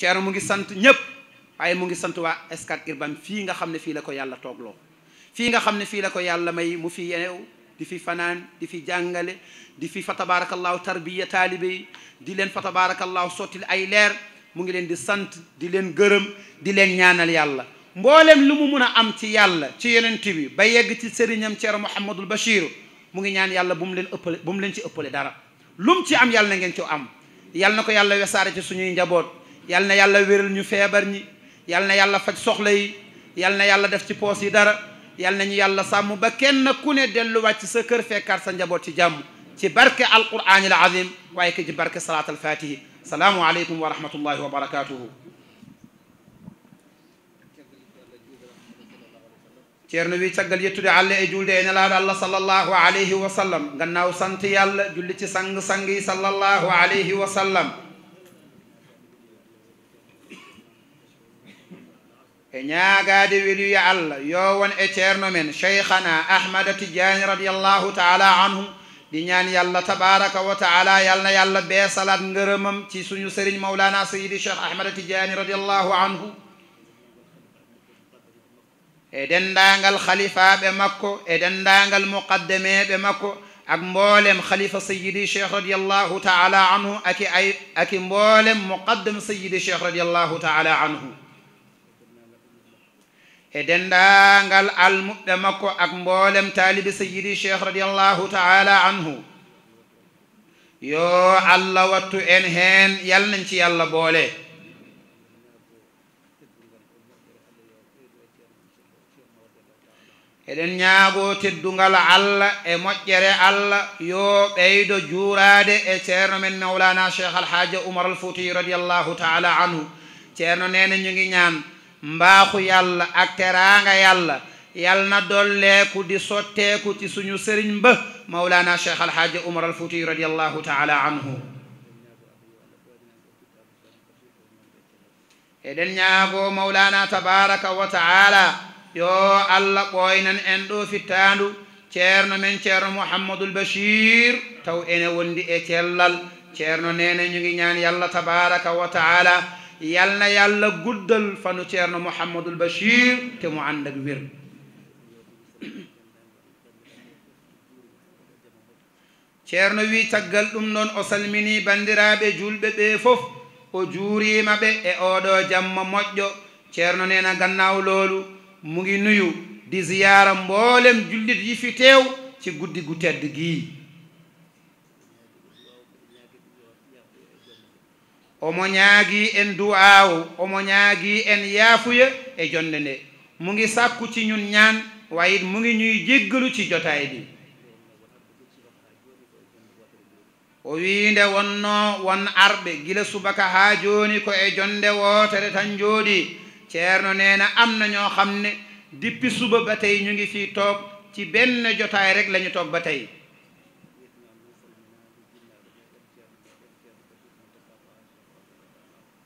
Thierno mo ngi sant ñep waaye mo ngi sant wa Scat Urbam fi nga xamne fi la ko yàlla toogloo fi nga xamne fi la ko yàlla may mu fi yew di fi fanan di fi jàngale di fi fa tabaarakallaahu tarbiya talibi di len fa tabaarakallaahu sottil ay leer mo ngi len di sant di len geureum di len ñaanal yàlla mbollem lu mu mun am ci yàlla ci yonent ba yegg ci sëriñam Thierno Mouhamadul bashir mo ngi ñaan yàlla bu mu len eppele bu mu len ci eppele dara lu mu ci am yàlla na ngeen ci am yàlla nako yàlla wessare ci suñu njabot yalna yàlla wéral ñu feebar ñi yal yàlla faj soxla yi yal yàlla def ci poos yi dara yal nañu yàlla sàmm ba kenn ku ne delluwaat ci sa kër fekkaat sa njaboot ci jàmm ci barke alquraan al azim waaye ke ci barke salaat al fatihi salaamu wa rahmatullahi wa barakatuhu ceerno wi caggal yettude allah e julde e nelaaɗo allah sallllahu alayhi wa sallam gannaaw sant yàlla julli ci sang-sang sallallahu alayhi wa sallam e ñaagaade weluyo allah yo won e ceerno men cheikhana ahmada tidiani radiallahu taala anhum di ñaan yàlla tabaraka wa taala yal na yàlla beesalaat ngërëmam ci suñu sëriñ mawlana sayidi cheikh ahmada tidiani radiallahu anhu e denndaangal halifaaɓe makko e denndaangal muqaddameeɓe makko ak mboolem halifa sayidi cheikh radiallahu taala anhu aki ay aki mboolem muqaddam sayidi cheikh radiallahu taala anhu e denndaangal almuɓɓe makko ak mboolem taalibi sayidi cheikh radiallahu taala anhu yo allah wattu en heen yalnan ci yallah boole eɗen ñaago teddungal allah e moƴƴere allah yo ɓeydo juuraade e ceerno men mawlana cheikh alhaaji umar alfouti radiallahu taala anhu ceerno nene ñu ngi ñaan mbaaxu yàlla ak teraanga yàlla yàl na dolleeku di sotteeku ci suñu sëriñ mba maolana cheikh alhaaji omar alfouti radiallahu taala anhu eɗen ñaagoo maolana tabaraka wa taala yoo allah ɓooynan en ɗo fittaandu ceerno men ceerno mouhammadul bachir taw ene wondi e cellal ceerno nene ñu ngi ñaan yàlla tabaraka wa taala yalna yàlla guddal fanu ceerno mouhamadul bachir te mu ànd ak wér ceerno wi taggal ɗum noon o salmini bandiraaɓe julɓe ɓe fof o juuriima ɓe e ooɗo jamma moƴƴo ceerno neena gannaaw loolu mu ngi nuyu di ziyara mboolem jullit yifi teew ci guddi gu tedd gii omo ñaagi en du'aawo omo ñaagi en yaafuya e jonde nde mu ngi sakku ci ñun ñaan wayit mu ngi ñuy jéggalu ci jotaay di o wiinde wonnoo won arɓe gila subaka haa jooni ko e jonde wootere tan jooɗi ceerno neena am na ñoo xam ne dippi suba ba tey ñu ngi fii toog ci benn jotaay rek la ñu toog ba tey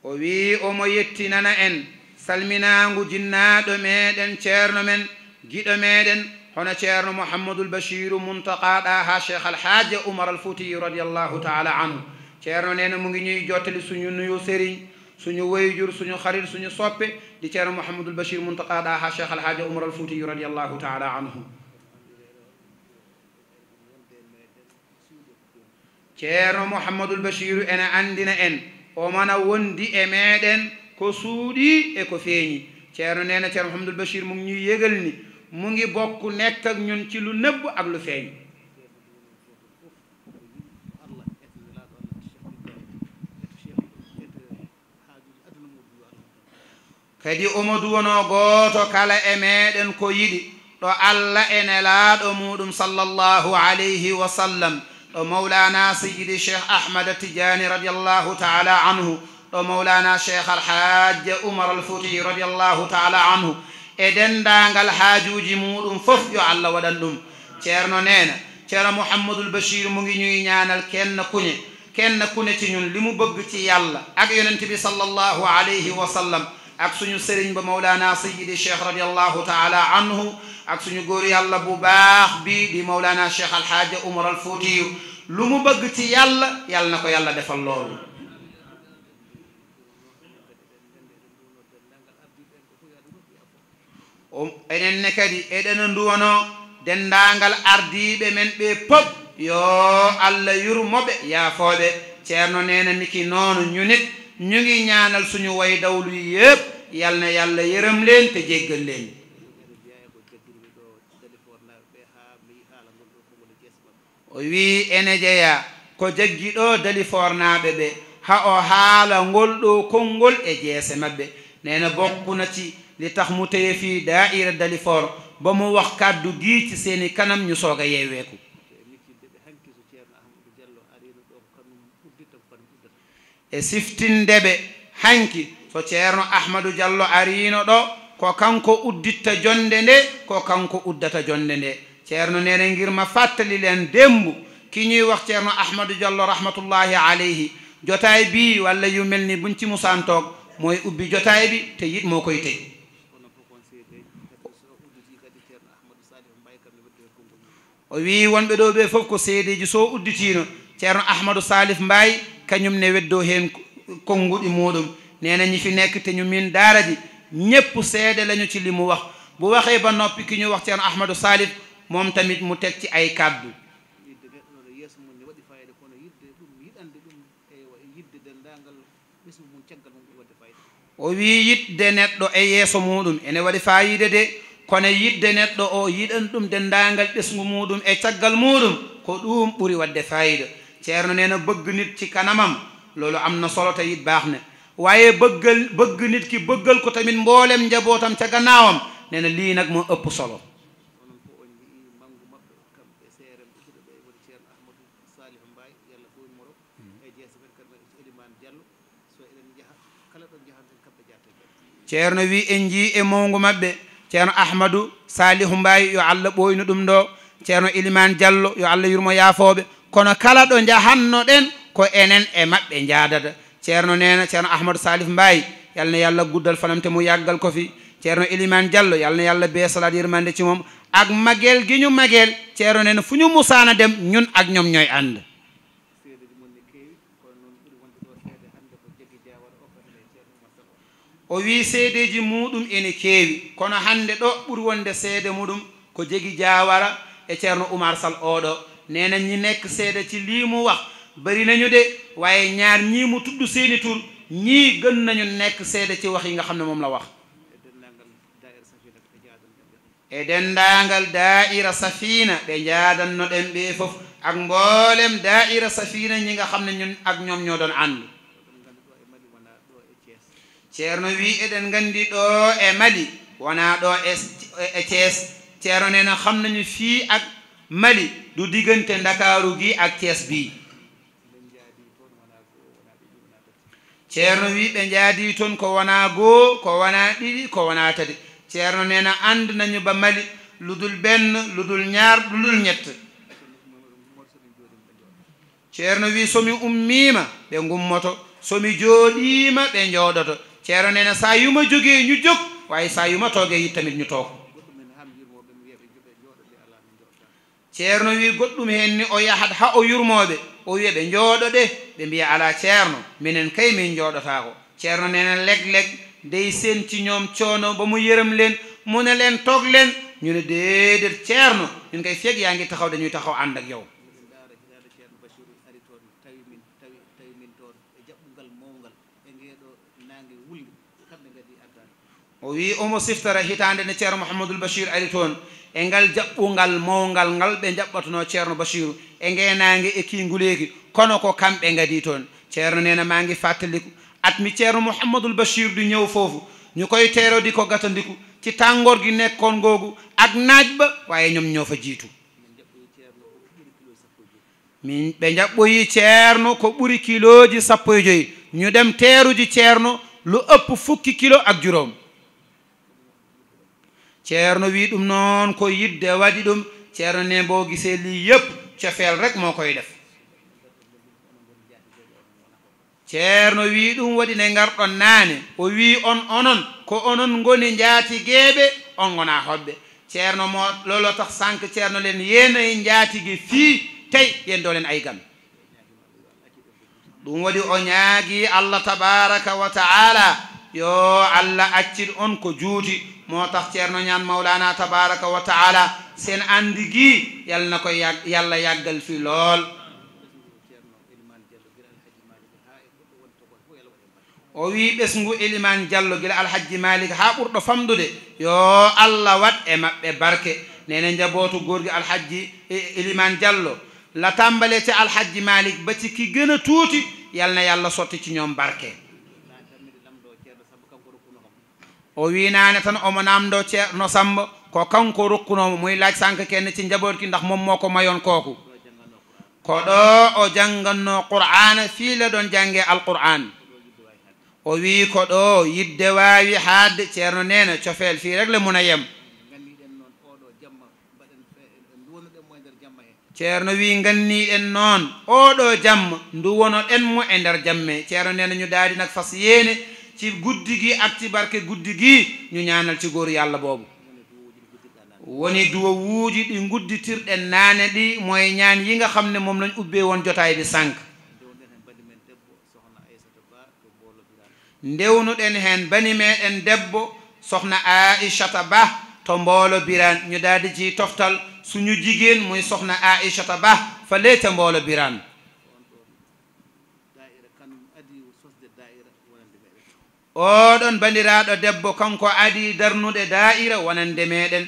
o wi omo yettinana en salminagu jinnaɗo meɗen ceerno men giɗo meɗen hono ceerno mouhamadoul bachiru muntakaɗa ha cheikh alhaja oumar alfoutiyi radiallahu taala anhu ceerno nena mu ngi ñuy jottali suñu nuyu sérigne suñu wayjur suñu xarit suñu soppe di ceerno mouhamadoul bachir muntakaɗa ha cheikh alhaja oumar alfoutiyi radiallahu taala anhu ceerno mouhamadoul bachiru ene andina en omana wondi e meɗen ko suuɗi e ko feeñi ceerno nene ceerno hamdoul bachir mu ñuy yegal ni mu ngi bokk nekk ak ñun ci lu nëbb ak lu feeñ kadi omadu wono gooto kala e meɗen ko yiɗi ɗo allah e nelaaɗo muɗum sallallahu alayhi wa sallam مولانا سيد الشيخ أحمد التجاني رضي الله تعالى عنه مولانا شيخ الحاج عمر الفتي رضي الله تعالى عنه إدن دانغ الحاج جمود ففيو على ودلهم تيرنو نينا تير محمد البشير مغيني نيانا الكن كوني كن كوني تنين لمو بغتي يالا أغيون انتبي صلى الله عليه وسلم أكسون سرين بمولانا سيد الشيخ رضي الله تعالى عنه ak suñu góor yàlla bu baax bi di maolana cheikh alxaaja umar alfotiyu lu mu bëgg ci yàlla yàlla na ko yàlla defal loolu enen ne kadi eɗena nduwono dendangal ardiɓe men ɓe pop yo allah yurmoɓe yaafoɓe ceerno nena niki noonu ñunit ñu ngi ñaanal suñu way dawlu yëpp yalna yàlla yërëm leen te jéggal leen o wii ene jeya ko jaggiɗo dali fornaɓe ɓe ha o haala ngol ɗo konngol e jeese maɓɓe nena bokkunati li tax mu teye fi daira dali for ba mu wax kaddu giici seeni kanam ñu sooga yeyweeku e siftindeɓe hanki so ceerno ahmadou diallo ariino ɗo ko kanko udditta jonde nde ko kanko uddata jonde nde تيرنو نيرن غير ما فاتلي لين ديمو كي ني واخ تيرنو احمد جلل رحمه الله عليه جوتاي بي ولا يو ملني بونتي موسانتوك موي اوبي جوتاي بي تي موكاي تي وي وون بيدو بي فوف كو سيدي جو سو اوديتينا تيرنو احمد صالح مباي كانيوم ني ويدو هين كونغو دي مودوم نينا ني في نيك تي ني مين دارا دي نييب سيدي لا نيو تي لي مو واخ بو واخي با نوبي كي ني واخ تيرنو احمد صالح moom tamit mu teg ci ay kàddu o wii yidde neɗɗo e yeeso muɗum ene waɗi fayide de kono yidde neɗɗo o yiɗan ɗum dendagal ɓesgu muɗum e caggal muɗum ko ɗum ɓuri wadde fayida ceerno nena bëgg nit ci kanamam loolu am na solo tayit baax ne waaye bëggal bëgg nit ki bëggal ko tamit mboolem njabootam ca gannaawam nena lii nag moo ëpp solo ceerno wi en jii e mawngu maɓɓe ceerno ahmadou salihu mbaye yo allah ɓooyno ɗum ɗo ceerno ilimane diallo yo allah yurmo yaafooɓe kono kala ɗo njahanno ɗen ko enen e maɓɓe njaadata ceerno neena ceerno ahmadou salihu mbaye yalna yallah guddal fanamte mu yaggal ko fi ceerno ilimane diallo yalna yallah beesalaat yirmande ci moom ak magel giñu magel ceerno neena fu ñu musaana dem ñun ak ñoom ñooy ànd o wi seedeji muɗum ene keewi kono hannde ɗo ɓuri wonde seede muɗum ko jegi jawara e ceerno oumar sall oɗo nena ñi nekk seeda ci liimu wax bari nañu de waye ñaar ñiimu tuddu seeni tur ñi gën nañu nekk seeda ci wax yi nga xam ne moom la wax e dendangal daaira safina ɓe jaadanno ɗen ɓe fof ak mboolem daaira safina ñi nga xam ne ñun ak ñoom ñoo doon ànd ceerno wii eɗen nganndi ɗo e mali wonaa ɗo e, e thies ceerno nena xam nañu fii ak mali du diggante dakaru gi ak thies bii ceerno wii ɓe njaadii toon ko wonaa goo ko wonaa ɗiɗi ko wonaa tati ceerno nena and nañu ba mali ludul benn ludul ñaar ludul ñett ceerno wii somi ummiima ɓe ngummoto somi jooɗiima ɓe njooɗoto ceero nee na sa yuma jogee ñu jóg waaye sa yuma toogee yit tamit ñu toog ceerno wi goɗɗum heen ni o yahat ha o yurmooɓe o wiya ɓe njooɗo de ɓe mbiya alaa ceerno minen kay min njooɗotaako ceerno neena leg leg dey senti ñoom coono ba mu yërëm leen mu ne leen tog leen ñu ne déedet ceerno ñun kay feeg yaa ngi taxaw dañuy taxaw ànd ak yow o wi omo siftara hitaande ne ceerno mouhamadoul bachir ari toon e ngal jaɓɓungal mawngal ngal ɓe jaɓɓatano ceerno bachiru e ngeenaange e kiinguleeki kono ko kamɓe ngadi toon ceerno neena maa ngi fàttaliku at ceerno mouhamadoul bachir du ñëw foofu ñu koy teerodi ko gatandiku ci tàngoor gi nekkoon googu ak naaj ba waaye ñoom ñoo fa jiitu mi ɓe jaɓɓoyi ceerno ko ɓuri kilooji sappo e joyi ñu dem teeruji ceerno lu ëpp fukki kilo ak jurom. ceerno wii ɗum noon ko yidde waɗi ɗum ceerno ne mbo gisee li yépp cofeel rek moo koy def ceerno wii ɗum waɗi ne ngarɗon naane o wii on onon ko onon ngoni njaati geeɓe on ngonaa hoɓɓe ceerno moo lolo tax sank ceerno len yeenayi njaatigi fii tey yen doolen ay gam ɗum waɗi o ñaagii allah tabaraka wa taala yo allah accit on ko juuti moo tax ceerno ñaan mawlaana tabaraka wa taala seen àndi gii yàlla na ko yàgg yàlla yàggal fi lool o wi ɓes ngu eliman diallo gila alhaji malik ha ɓurɗo famdude yo allah wat e maɓɓe barke nene njabootu góorgi alhaji eliman diallo la tàmbale ci alhaji malik ba ci ki gën a tuuti yal na yàlla sotti ci ñoom barke o winani tan omo namdo ceerno samba ko kanko rokkunomo moy laaj sanka kenn ci njaborki ndax mom moko mayon koku ko do o janganno qur'ana fi la don jange alquran o wi ko do yidde wawi had ceerno neena ciofel fi rek le muna yem ceerno wi ganni en noon oɗo jamma ndu wono en mo e nder jamme ceerno nena ñu daadi nag fas yeene ci guddi ak ci barke guddi gi ñu ñaanal ci góor yàlla boobu woni duwa wuuji ɗi gudditirɗen naane ɗi mooy ñaan yi nga xam ne moom lañ ubbe won jotaay bi sànq ndewnuɗen hen bani meeɗen debbo soxna aishata ba to mboolo biraan ñu daal di ci toftal suñu jigéen muy soxna aishata ba fa leete mboolo biraan oɗon baliraɗo debbo kanko adi darnuɗe daa'ira wonande meɗen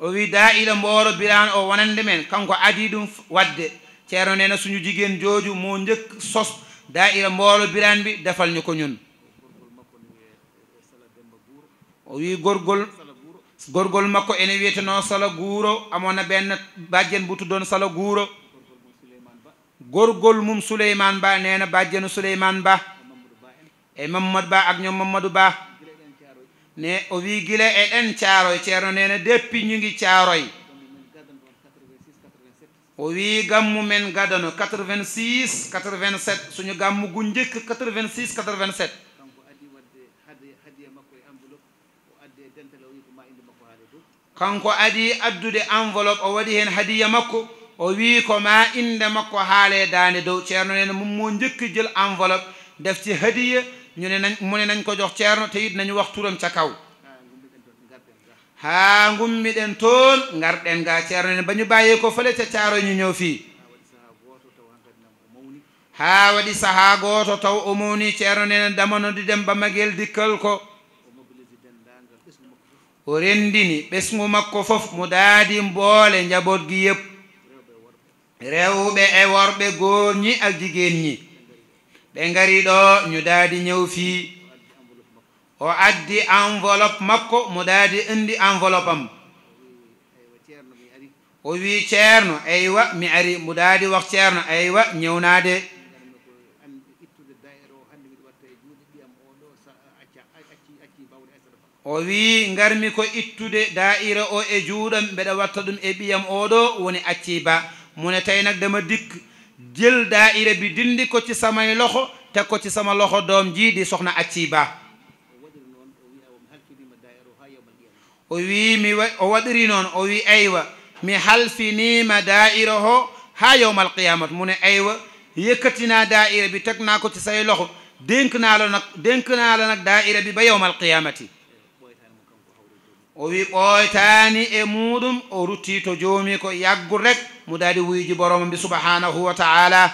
o wi daa'ira mboro birano o wonande men kanko adi ɗum wadde ceerno nena suñu jiguen joju mo jek sos daa'ira mboro birane mbi dafalño ko ñun o wi gorgol gorgol makko ene wiyeteno sala guuro amona ɓenn bajjen buttudon sala guuro gorgol mum souleyman ba nena bajjeno souleyman ba e mamadou ba ak ñoom mamadou ba ne o wi guila e ɗen caaroy ceerno nene depuis ñu ngi caaroy o wi gammu men gadano 86 87 suñu gàmmu gu njëkk 86 87 kanko adi addude enveloppe o waɗi heen hadiya makko o wii ko ma inde makko haalee daande dow ceerno nene mum moo njëkk jël enveloppe def ci hadiya ñu ne nañ mu ne nañ ko jox ceerno te it nañu wax turam ca kaw haa ngummi ɗen toon ngarɗen ga ceerno ne ba ñu bàyyee ko fale ca caaro ñu ñëw fii haa waɗi sahaa gooto taw o mawni ceerno nene damano di dem ba magel dikkal ko o renndini ɓesngu makko fof mu daadi mboole njaboot gi yëpp rewɓe e worɓe goor ñi ak jigéen ñi ɓe ngari ɗo ñu daadi ñawfi o addi enveloppe makko mo daadi indi enveloppe am o wi ceerno eywa mi ari mo daadi wak ceerno eywa ñawnaade o wi ngarmi ko ittude daa'ira o e juuɗam mbeɗa watta ɗum e ɓiyam oɗo woni acci ba mone tawi nag dema dikk jël daa'ira bi dindi ko ci samay loxo te ko ci sama loxo doom ji di soxna acci ba o wi mi o waɗiri noon o wi aywa mi halfinima daa'ira ho ha yowma alqiyamat mu ne aywa yëkkatina daa'ira bi teg naa ko ci say loxo dénk naa la nag dénk naa la nag daa'ira bi ba yowma alqiyamati o wi ɓooytaani e muɗum o ruttii to joomi ko yaggu rek مدادي ويجي بروم بسبحانه وتعالى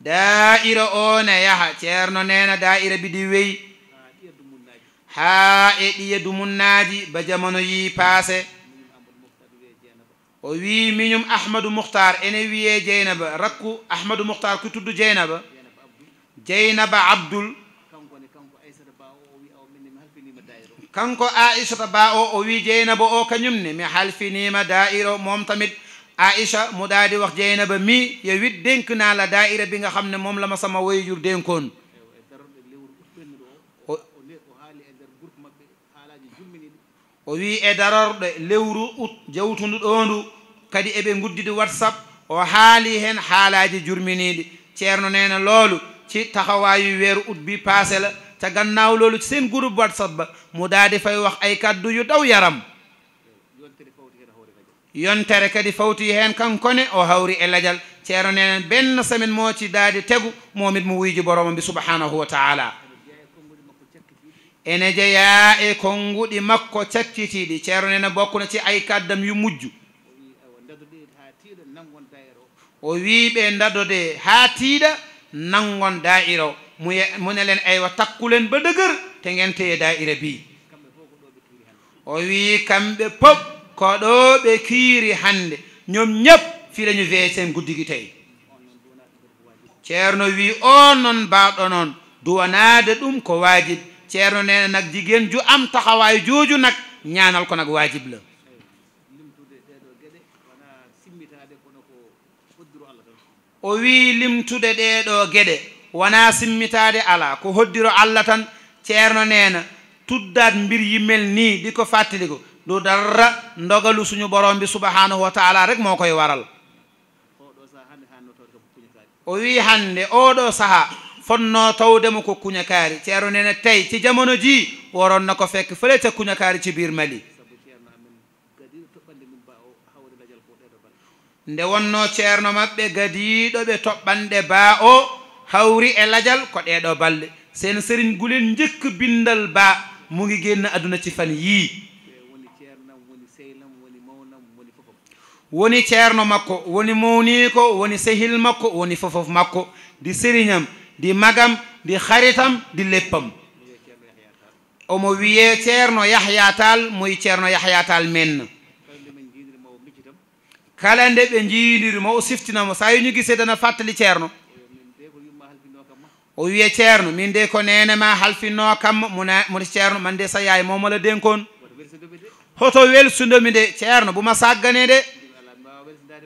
دائرة أونا يا تيرنو نينا دائرة بديوي ها إدية دمونادي بجامونو يي پاسي وي مينيوم أحمد مختار إني وي جينب ركو أحمد مختار كتود جينب جينب عبدل كنكو آئسة باو وي جينب أو كنيمني محل في نيما دائرة مومتمد aicha mu daa di wax jeyna ba mii ye wit dénk naa la daa'ira bi nga xam ne moom la ma sama woy jur dénkoon o wii e darorɗo lewru ut jawtundu ɗoondu kadi eɓe nguddidi whatsapp o haali heen haalaaji jurminiiɗi ceerno neena loolu ci taxawaayu weeru ut bi paase la ca gannaaw loolu ci seen groupe whatsapp ba mu daa di fay wax ay kaddu yu daw yaram yontere kadi fawtuyi heen kan kone o hawri e lajal ceero nene benn samin mooci daadi tegu momit mo wiiji boroma mbi subhanahu wa taala ene jeyaa e konnguɗi makko cakkitiiɗi ceero nene bokkuno ci ay kaddam yu mujju o wii ɓe ndadode haa tiiɗa nangon daa'iro muye munelen aywa takkulen ba degar te ngenteye daa'ira bii o wii kamɓe pop ko ɗo ɓe kiiri hannde ñom ñep fileñu weesen guddigi tawi ceerno wi o noon baawɗo noon duwanaade ɗum ko waajib ceerno nene nag jigen ju am taxawaay juuju nag ñaanal ko nag waajib la o wii limtude ɗee ɗoo geɗe wonaa simmitaade alaa ko hoddiro allah tan ceerno neena tuddaat mbir yimmel nii di ko fàttiliko du dara ndogalu suñu borom bi subhanahu wa taala rek moo koy waral o wii hannde oo ɗoo saha fonnoo taw demu ko kuñakaari ceero nene tey ci jamono ji woron na ko fekk fële ca kuñakaari ci biir mali nde wonnoo ceerno maɓɓe gadiiɗo ɓe toɓɓanɗe baa o hawri e lajal ko ɗeeɗoo balɗe seen sérine gulen njëkk bindal baa mu ngi génn aduna ci fan yii woni ceerno makko woni mawniiko woni sehil makko woni fofof makko ndi sériñam ndi magam ndi xaritam ndi leppam omo wiyee ceerno yahya tal muy ceerno yahya tal menn kala nde ɓe njiindirima o siftinamo so yiñu gise dana fattali ceerno o wiye ceerno min de ko nene ma halfinno kam muna mono ceerno man de sa yaay momola denkon hoto welsundomi de ceerno buma saggane de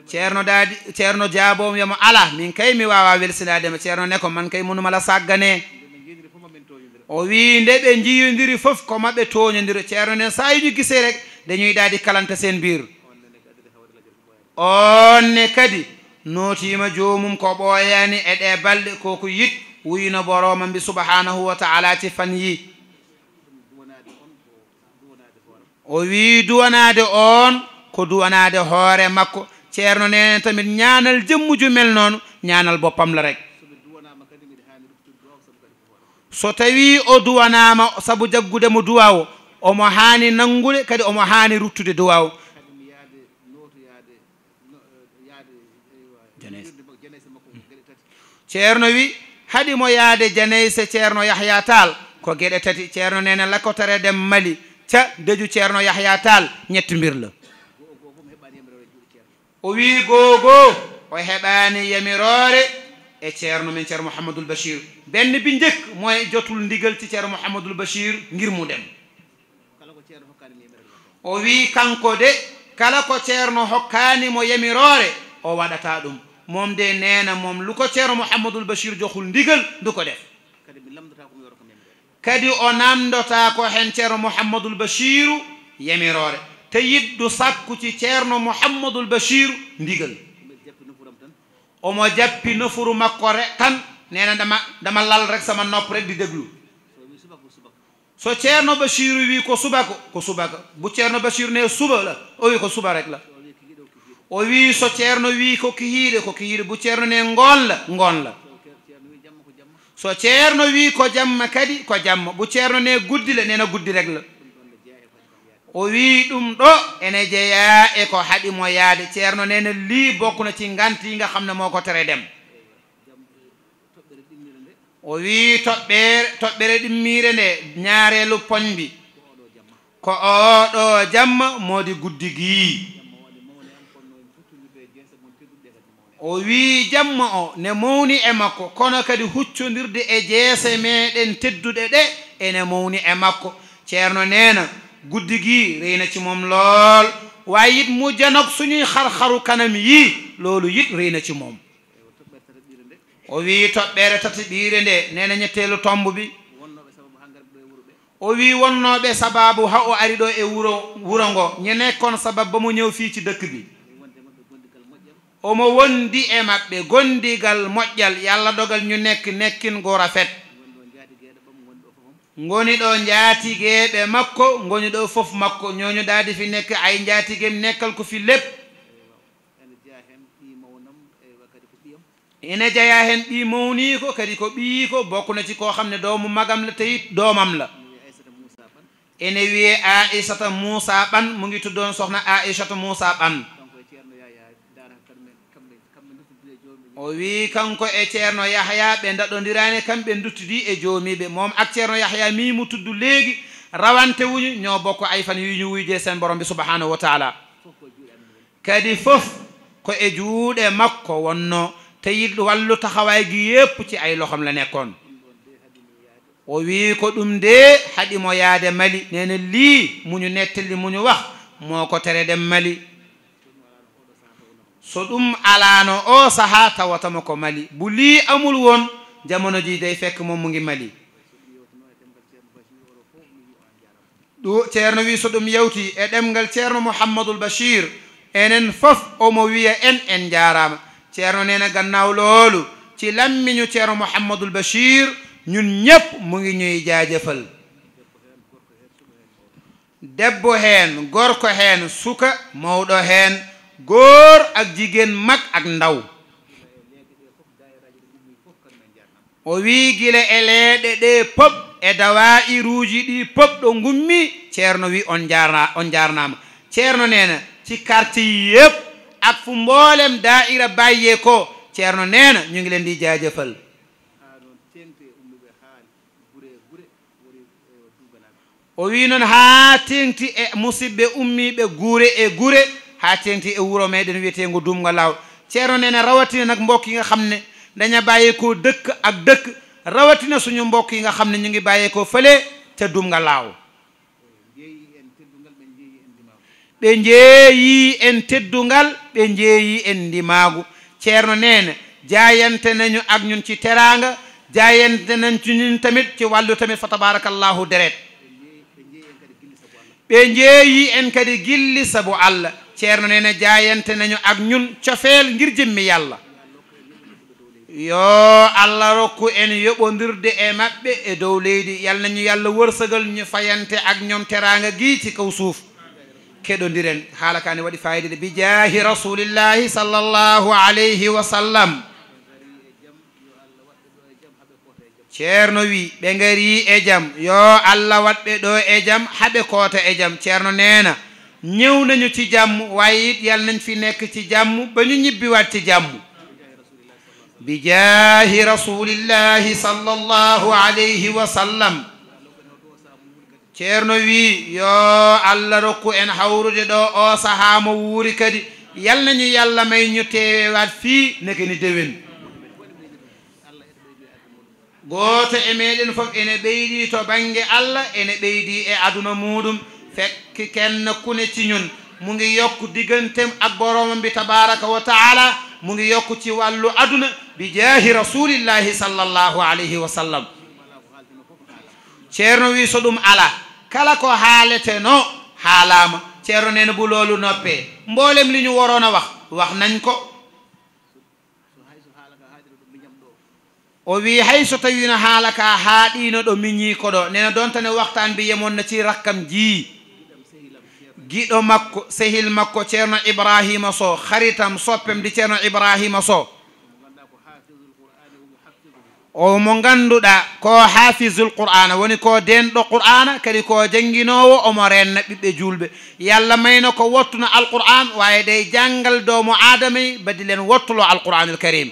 ceerno daadi ceerno jaaboom yomo ala min kay mi waawa welsinaadema ceerno ne ko man kay munumala sagganee o wii nde ɓe njiyondiri fof ko maɓe tooñondiri ceerno nden so yiñu gisee rek dañuy daadi kalanta seen mbir on ne kadi nootiima joomum ko ɓooyaani e ɗee balɗe koko yit wuyino borooma mbi subhanahu wa taala ti fan yi o wii duwanaade oon ko duwanaade hoore makko ceerno neene tamit ñaanal jëmmuju mel noon ñaanal boppam la rek so tawii o duwanaama sabu jaggude mo duwa o omo haani nanngude kadi omo haani ruttude duwa o ceerno wi haɗi mo yaade janeyse ceerno yahya taal ko geɗe tati ceerno neene lakotere dem mali ca deju ceerno yahya taal ñettimbirla o wi goo goo o heɓaani yamiroore e ceerno men ceerno mouhamadoul bachir benn bi njëkk mooy jotul ndigal ci ceerno mouhamadoul bachir ngir mu dem o wi kanko de kala ko ceerno hokkaani mo yamiroore o waɗataa ɗum moom de nee na moom lu ko ceerno mouhamadoul bachir joxul ndigal du ko def kadi o namdotaa ko heen ceerno mouhamadoul bachiru yamiroore تيد دو ساكو تي تيرنا محمد البشير ديغل اوما جابي نفر مكوري تان نينا دما دما لال رك سما نوبر دي دغلو سو تيرنا بشير وي كو سوباكو بو تيرنا بشير ني سوبا لا او كو سوبا رك لا سو تيرنا وي كو كيير بو تيرنا ني لا نغول لا سو تيرنا وي كو جام كادي كو جام بو تيرنا ني غودي لا نينا غودي رك o wii ɗum ɗo ene jeyaa e ko haɗimo yaade ceerno nene li bokk no ci ngantinga xam ne moo ko tere dem o wii toɓɓere toɓɓere ɗimmiire nde ñaareelu poñbi ko ooɗo jamma moodi guddigii o wii jamma o ne mawni e makko kono kadi huccondirde e jeese meeɗen tedduɗe ɗe ene mawni e makko ceerno nena guddi gi rey na ci moom lool waaye it mu janog suñuy xar-xaru kanam yi loolu it rey na ci moom o wi toɓɓeere tat ɓiire nde nee na ñetteelu tomb bi o wi wonnooɓe sababu ha o ari ɗo e wuro wuro ngo ñe nekkoon sabab ba mu ñëw fii ci dëkk bi omo wondi e maɓɓe gondigal moƴƴal yàlla dogal ñu nekk nekkin go rafet ngoni ɗo njaatigeeɓe makko ngoni ɗo fof makko ñooñuɗaadi fi nekk ay njaatigem nekkal ko fi lepp ene jeya heen ɓii mawnii ko kadi ko ɓii ko bokk na ci koo xam ne doomu magam la tawit doomam la ene wiyee aichata moussa ɓan mu ngi tuddoon soxna aichata moussa ɓan o wii kanko e ceerno yahya ɓe ndaɗondirani kamɓe duttidi e joomiɓe mom ak ceerno yahya mimu tuddu leegi rawante wuñu ñoo bokko ayfan wiñu wiije sen borom bi subhanahu wa taala kadi fof ko e juuɗe makko wonno te yi wallu taxawaygi yépp ci ay loxom la nekkoon o wii ko ɗum de haɗimo yaade mali nene lii muñu nettelli muñu wax moo ko tere dem mali so ɗum alaano o saha tawatama ko mali buli amul won jamono ji day fekk moom mu ngi mali ɗu ceerno wi so ɗum yawti e ɗemngal ceerno mouhammadul bachir enen fof omo wiya en en jaarama ceerno neena gannaaw loolu ci lammiñu ceerno mouhammadul bachir ñun ñëpp mu ngi ñuy jaajëfal debbo heen gorko heen suka mawɗo heen góor ak jigéen mag ak ndaw o wii gila e leeɗe ɗe pop e dawa'i ruuji ɗi pop ɗo ngummi ceerno wi on jarna on jarnama ceerno nena ci karti yépp ak fu mboolem daa'ira bayye ko ceerno nena ñu ngi leen di jaajëfal o wii noon haa tengti e musidɓe ummiiɓe guure e guure ha tenti e wuro meɗen wiyetengo dumgo law ceerno nene rawatina nag mbokki nga xam ne daña bàyyi ko dëkk ak dëkk rawatina suñu mbokk yi nga xam ne ñu ngi bàyyi ko fële te dumga laaw ɓe njeeyi en teddungal ɓe njeeyi en ndimaagu ceerno neene jaayante nañu ak ñun ci teraanga jaayante nañ ci ñun tamit ci wàllu tamit fa tabaarakallahu dereet ɓe njeeyi en kadi gilli sabu allah ceerno nee na jaayante nañu ak ñun cofeel ngir jëmmi yàlla yoo allah rokku en yoɓondirde e maɓɓe e dow leydi yàlla nañu yàlla wërsëgal ñu fayante ak ñoom teraanga gii ci kaw suuf keɗondiren haalakaani waɗi fayide de bi jaahi rasulillahi salallahu alayhi wa sallam ceerno wi ɓe ngarii e jam yo allah waɗɓe ɗo e jam haɓe koota e jam ceerno neena ñëw nañu ci jàmm waaye it yàlla nañ fi nekk ci jàmm ba ñu ñibbiwaat ci jàmm bi jaahi rasulillahi salallahu alayhi wa sallam ceerno wii yoo allah rokku en hawrude ɗo o sahaama wuuri kadi yal nañu yàlla may ñu teewewaat fii neke ni déwen gooto e meeɗen fof ene ɓeydii to baŋnge allah ene ɓeydii e aduna muɗum fek ki kenn ku ne ci ñun mu ngi yokk digganteem ak boroomam bi tabaraka wa taala mu ngi yokk ci wàllu aduna bi jaahi rasulillahi sal allahu alayhi wa sallam ceerno wi so ɗum ala kala ko haalete no haalaama ceerno neena bu loolu noppee mboolem li ñu waroon a wax wax nañ ko o wii hay so tawii no haalaka haaɗiino ɗo miñii ko ɗo neena doon tane waxtaan bi yemoon na ci rakkam jii gido makko sehil makko cerno ibrahim so haritam soppem di cerno ibrahim so o mo ganduda ko hafizul qur'ana woni ko denɗo qur'ana kadi ko o mo renna bibbe julbe yalla mayno ko wattuno alqur'an waye ɗe jangal do mo adami badilen wattulo alqur'anul karim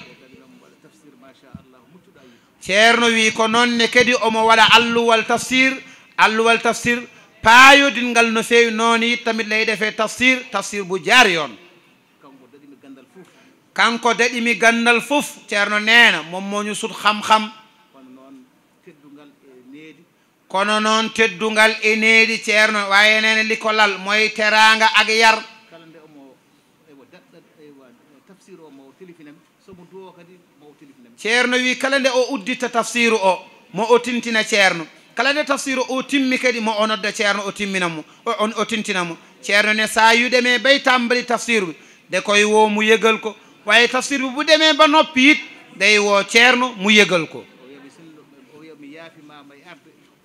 cerno wi ko noonne kadi omo waɗa alluwal tafsir alluwal tafsir paayodingal no feewi noon it tamit lay defee tafsir tafsir bu jaar yoon kanko daɗimi gandal fof ceerno neena moom moo ñu sut xam-xam kono noon teddungal e needi ceerno waaye neena li lal mooy teraanga ak yar ceerno wi kala o udditta tafsiru o mo o tintina kala nde tafsir o timmi kadi mo o nodda ceerno o timminamo on o tintinamo ceerno ne sayudeme bay tambali tafsir ɓe nde koye wo mo yegal ko way tafsir ɓe ɓudeme ba noppi yit ndey wo ceerno mo yegal ko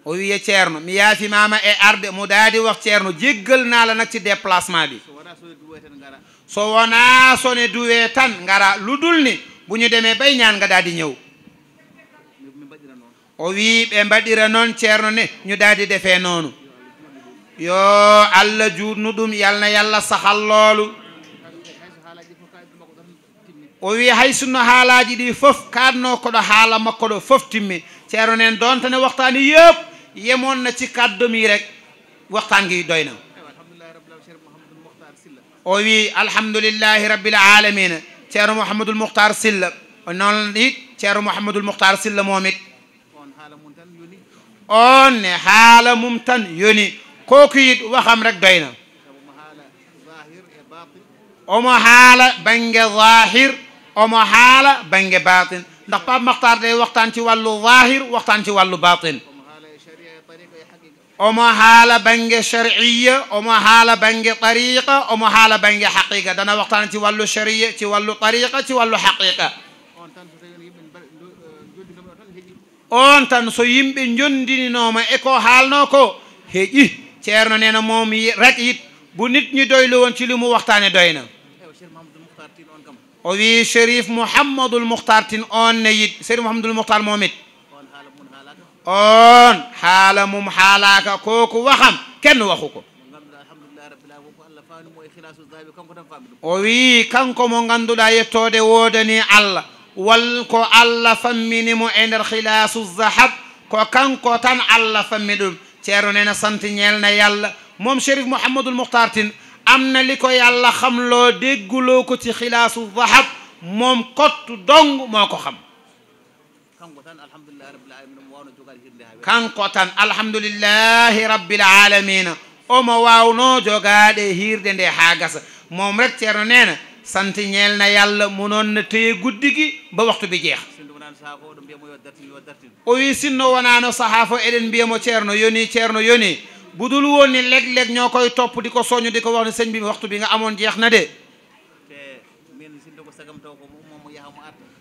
o wiye ceerno mi yaafi mama e arde mo daadi wax ceerno jeggal naala nacci déplacement ɗi so wona sone duwe tan ngara ludul ni buñu deme bay ñaan nga daadi ñëw o wi ɓe mbaɗira noon ceerno ne ñu daadi defee noonu yo allah juutnu ɗum yalna yallah sahal loolu o wi hay sunno haalaaji ɗi fof kaatnoo koɗo haala makko ɗo fof timme ceerno nen doon tane waxtaani yëpp yemoon na ci kàddumi rek waxtaan gi doy na o wi alhamdulillahi rabbil alamina ceerno mouhamadoul mouhtar silla noon it ceerno mouhamadoul mouhtar silla moom it on ne haala mum tan yoni kooku yit waxam rek doy na omo haala bange zahir omo haala bange batin ndax Pape Makhtar day waxtaan ci wàllu zahir waxtaan ci wàllu batin omo haala bange sharciya omo haala bange tariqa omo haala bange xaqiqa dana waxtaan ci wàllu shariya ci wàllu tariqa ci wàllu xaqiqa on tan so yimbe yimɓe jondininooma e ko halno ko heji ceerno neena mom moom rek yit bu nit ñi doylu won ci limu waxtane doyna doy na o wii chérif mouhamadul mouhtar tin on ne yit sherif mouhamadul mouhtar moom it on halam mum haalaaka kooku waxam kenn waxuko o wi kanko mo ngannduɗaa yettode wodani allah والكو الله فميني مو انر خلاص الزحب كو كان كو تان الله فميدوم تيرونينا سنتي نيلنا يالا موم شريف محمد المختارتين امنا لكو يالا خملو ديگلو كو تي خلاص الزحب موم كوت دونغ موكو خم كان قطان الحمد لله رب العالمين كان قطان الحمد لله رب العالمين او مواونو جوغا دي هير دي حاجة مومرت تيرونينا sant ñeel na yàlla munoon na téye guddi gi ba waxtu bi jeex o wi sinno wanaano sahaafa eɗen mbiyamo ceerno yoni ceerno yoni bu dul woon ni léeg-léeg ñoo koy topp di ko soñu di ko wax ne sëñ bi waxtu bi nga amoon jeex na de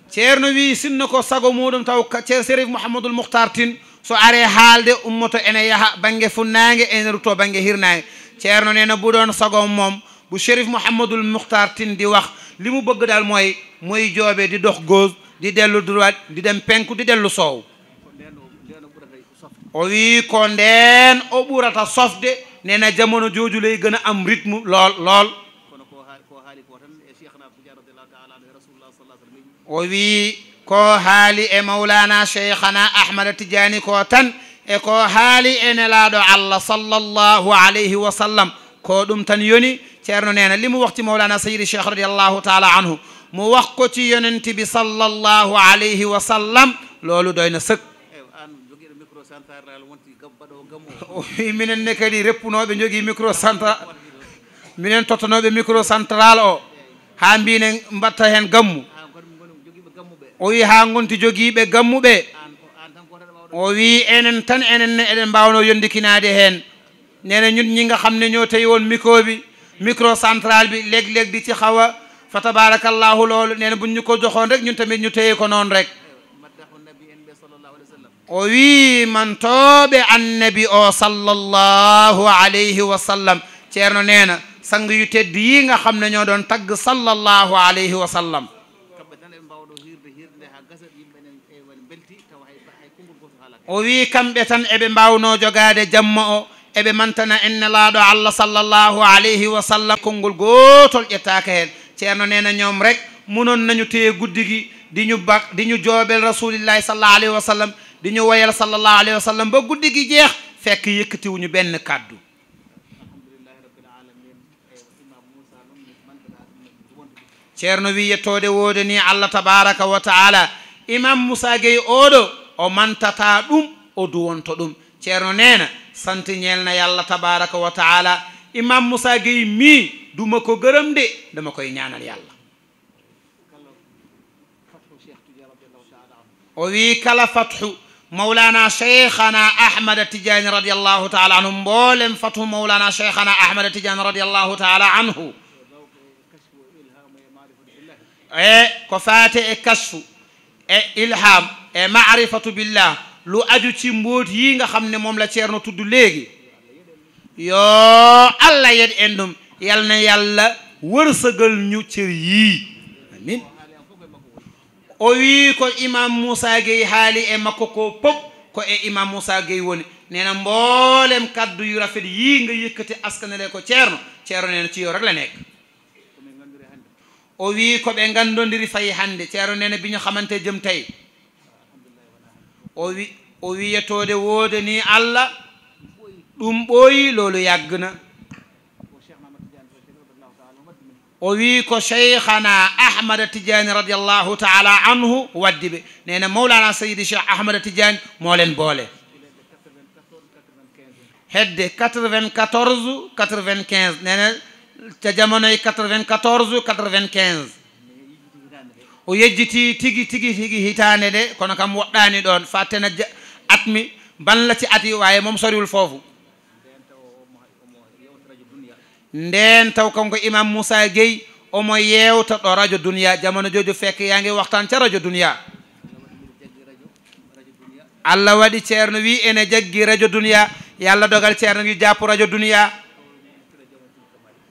ceerno wi sinna ko sago muɗum taw ceer sérif mouhamadoul mouhtar tin so aree haalde ummoto ene yaha bange fu naange enerutoo bange hirnaange ceerno nee na bu doon sagom moom bu shérif mohammedul Muxtaar tin di wax limu bëgg dal moy moy jobé di dox gauche di dellu droite di dem penku di dellu soow o wii ko ndeen o ɓurata jamono joju lay gëna am rythme lol lol o ko hali e maulana cheikhana ahmad tijani ko tan e ko hali e allah sallallahu alayhi wa sallam ko dum tan yoni تيرنو نينا لي مو مولانا سيدي الشيخ رضي الله تعالى عنه مو وقتي يوننتي بي صلى الله عليه وسلم لولو دوينا سك من النكدي ريبو نوبي نيوغي ميكرو سانتا من توتو نوبي ميكرو سانترال او هامبي ن مباتا هن غمو وي هاغونتي جوغي بي غمو بي وي انن تن انن ادن باونو يوندي كينادي هن نينا نيون نيغا خامني نيو تاي وون ميكو بي microcentrale bi leeg leg di ci xaw a fa tabaarakallaahu loolu nee na bu ñu ko joxoon rek ñun tamit ñu téye ko rek o wii mantooɓe annabi o sallallahu alayhi wa sallam ceerno nee na sang yu tedd yi nga xam ne ñoo doon tagg sallallahu alayhi wa sallam o wii kamɓe tan eɓe mbawno jogaade jamma o eɓe mantana en ne laaɗo allah sallllahu alayhi wa sallam konngol gootol ƴettaaka heen ceerno nena ñoom rek munon nañu teye guddigi diñu ba diñu jooɓel rasulillahi sallllah alayhi wa sallam diñu wayal sallllahu alayhi wa sallam ba guddigi jeex fekk yëkkatiwuñu benn kàddu ceerno wi yettoode woode ni allah tabaraka wa taala imam moussa gueye oɗo o mantata ɗum o duwonto ɗum ceerno nena sant ñeel na yàlla tabaraka wa taala imam Moussa Gueye mii duma ko gërëm de dama koy ñaanal yàlla o wi kala fathu mawlana cheikhana ahmada tidiani radiallahu taala anhu mboolem fathu mawlana cheikhana ahmada tidiani radiallahu taala anhu e ko faate e kasfu e ilham e marifatu billah lu aju ci mbóot yi nga xam ne moom la ceerno tudd léegi yoo àlla yet endum yal na yàlla wërsëgal ñu cër yii amin o wii ko imam moussa gay haali e makko ko pëpp ko e imam moussa gay woni nee na mboolem kaddu yu rafet yii nga yëkkati askanale ko ceerno ceerno nee na ci yow rek la nekk o wii ko ɓe nganndondiri fay hannde ceerno nee na bi ñu xamante jëm tey o wiyatode woode ni allah ɗum ɓooyi loolu yàgg o wii ko cheikhana ahmada tidiani radiallahu taala anhu waddi ɓe mawlana sayidi cheikh ahmada tidiani moo leen boole hedde 94 95 94 95 o yejjiti tigi tigi tigi hitaane de kono kam woɗɗaani ɗoon fatena atmi balla ci ati waaye moom soriwul foofu ndeen taw kanko imam moussa gueye omo yeewta ɗo radio duniat jamono jooju fekk yaa ngi waxtaan ca radio duniat allah waɗi ceerno wi ene jaggi radio duniat yalla dogal ceerno ngi jàpp radio duniat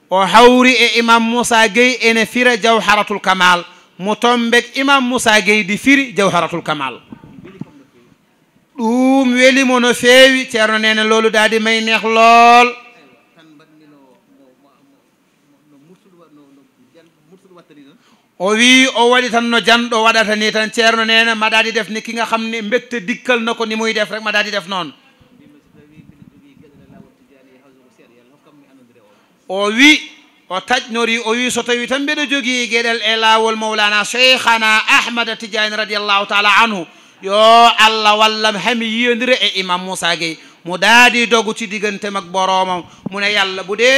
o hawri e imam moussa gueye ene fira jaw haratul kamal motombek imam musa gueye firi jawharatul kamal dum weli mono feewi cerno nene lolou dadi may neex lol o wi o wadi tan no jando wadata ni tan cerno nene ma dadi def ni ki nga xamni ne mbette dikkal nako ni muy def rek ma dadi def non o wi وتاج نوري أويسوتو يتنبيدو جوغي جدل إلاوال مولانا شيخنا أحمد تجاين رضي الله تعالى عنه يو الله والله همي يندر إي إمام موسى جي مدادي دوغو تي ديغن تمك بوروما مونا يالا بودي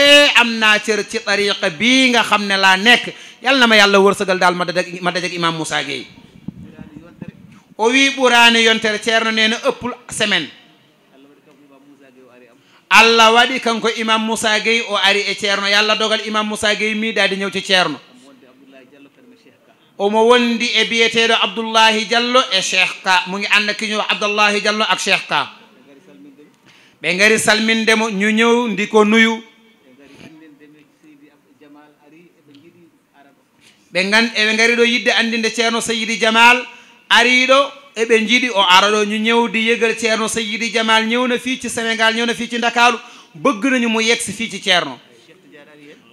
أمنا تيرتي طريق بيغا خمنا لا نك يالا ما يالا ورسغل دال مدادك إمام موسى جي أوي بوراني يونتر تيرنو أبل سمن allah waɗi kanko imam moussa gey o ari e ceerno yo allah dogal imam moussa gey miiɗaade ñewte ceerno omo wondi e biyeteeɗo abdoullahi diallo e cheikh ka mu ngi annda kiñoo abdoullahi diallo ak cheikh ka ɓe ngari salminde mo ñu ñëw ndi ko nuyu ɓe ngan e ɓe ngari ɗo yidde anndinde ceerno sayidi jamal ariiɗo eɓe jiiɗi o ara ɗo ñu ñewdi yëgal ceerno so yiɗi jamal ñewna fii ci sénégal ñewna fii ci dakaru bëgg nañu mu yegsi fii ci ceerno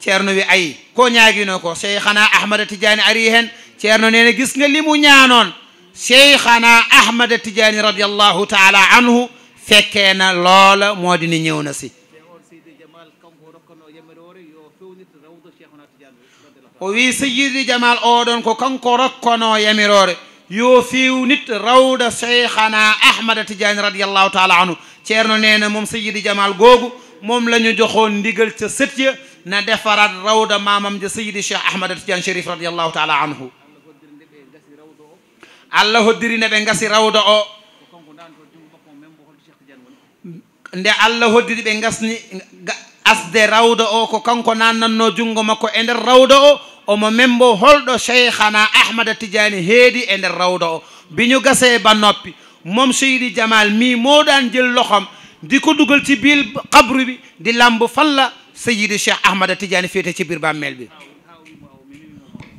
ceerno wi ayi ko ñaagino ko cheikhana ahmada tidiani ari hen ceerno nee gis nga li mu ñaanoon cheikhana ahmada tidiani radiallahu taala anhu fekkee na loola moo di ni ñëw na si o wi sayidi jamal oo ɗon ko kanko rokkonoo yamiroore yoo fiiw nit rawda cheikhana ahmada tidiane radiallahu taala anhu ceerno nee na moom sayidi jamal googu moom la ñu joxoon ndigal ca sët ya na defaraat rawda maamam ja sayidi cheikh ahmada tidiane chérif radiallahu taala anhu allah hoddiri ne ɓe ngasi rawda o nde allah hoddiri ɓe gasni asde rawda o ko kanko nannanno junngo makko e nder rawda o omo membo holdo sheikhana ahmad tijani heedi e der rawdo biñu gasse ba noppi mom seydi jamal mi modan jël loxam diko duggal ci bil xabru bi di làmb fan la seydi cheikh ahmada tidiani féete ci ba mel bi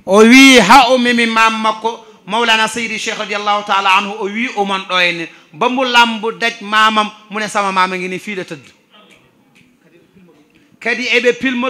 o wi ha o memi mam mako مولانا سيدي cheikh رضي الله تعالى عنه او وي او مان دوين بامو làmb داج مامام موني ne sama ني في لا تد كادي ايبي kadi eɓe pilma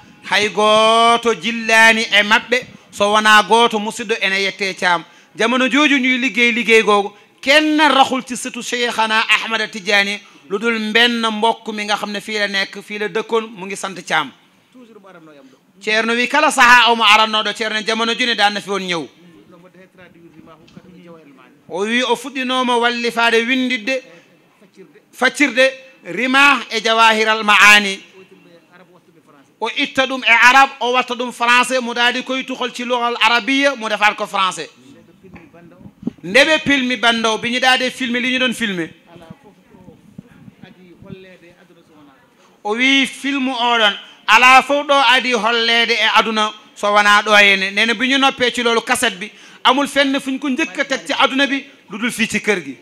hay gooto jillaani e maɓɓe so wonaa gooto musiɗɗo ene yettee caam jamano jooju ñuy liggey liggey googo kenn raxulti sutu cheikhana ahmada tidiani lu dul mbenn mbokk mi nga xam ne fii la nekk fii la dëkkoon mu ngi sant caam ceerno wi kala saha o mo arannooɗo ceerno e jamono juni daan na fi woon ñëw o wi o fuɗɗinooma wallifaade winndidde faccirde rima e jawahiral ma aani o itta ɗum e arabe o watta ɗum français mo daadi koye tuhol ci lugal arabiya mo defat ko français nde ɓe pilmi bandaw biñi ɗaade filme li ñu ɗon filme o wii filme oɗon alaa fof ɗo adi holleede e aduna so wonaa ɗo henne nene biñu noppee ci loolu kaset bi amul fenn fuñ ko njëkk a teg ci aduna bi lu dul fii ci kër gi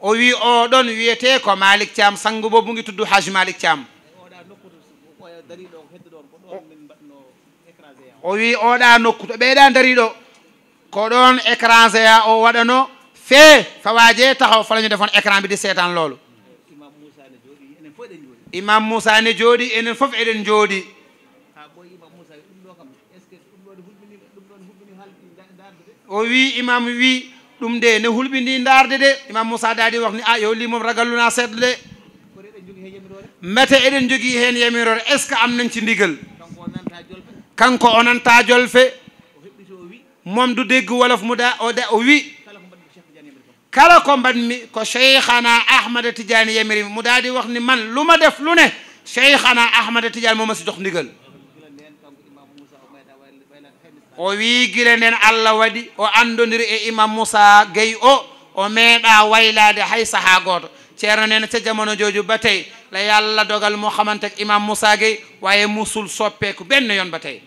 o wii oɗon wiyetee ko malik thiam sangu boobu ngi tudd haj malik thiam dariɗo heddoɗon ko ɗon min mbaɗno écrasé o wi oɗa nokku to ɓeyɗa dariɗo ko ɗon écrasé a o waɗano fe fawaje taxa falañu defon écran bide setan loolu imam moussa ne jooɗi enen foof eɗen jooɗi imam moussa ne jooɗi enen foof eɗen jooɗi ha ɓoy imam moussa wi ɗum ɗo kam est ce que ɗum ɗone huɓini ɗum ɗon huɓini haldi darde de o wi imam wi ɗum de ne hulɓindi darde de imam moussa daadi wax ni a ah, yo limom ragalluna seeɗo de متعين جيجي هن يميرور إسك أمنن تندقل كان كو أنن تاجول في مم دودي قوالف مدا أودا أوي كلا كمبن كشيخنا أحمد تجاني يميري مدا دي وقني من لما دف لونه شيخنا أحمد تجاني مم سجوك ندقل أوي قرنن الله ودي وأندونير إمام موسى جي أو أمين أويلاد هاي صحاقور ceerno neena ca jamono jooju ba tey la yàlla dogal moo xamante ak imam moussa gay waaye musul soppeeku benn yoon ba tey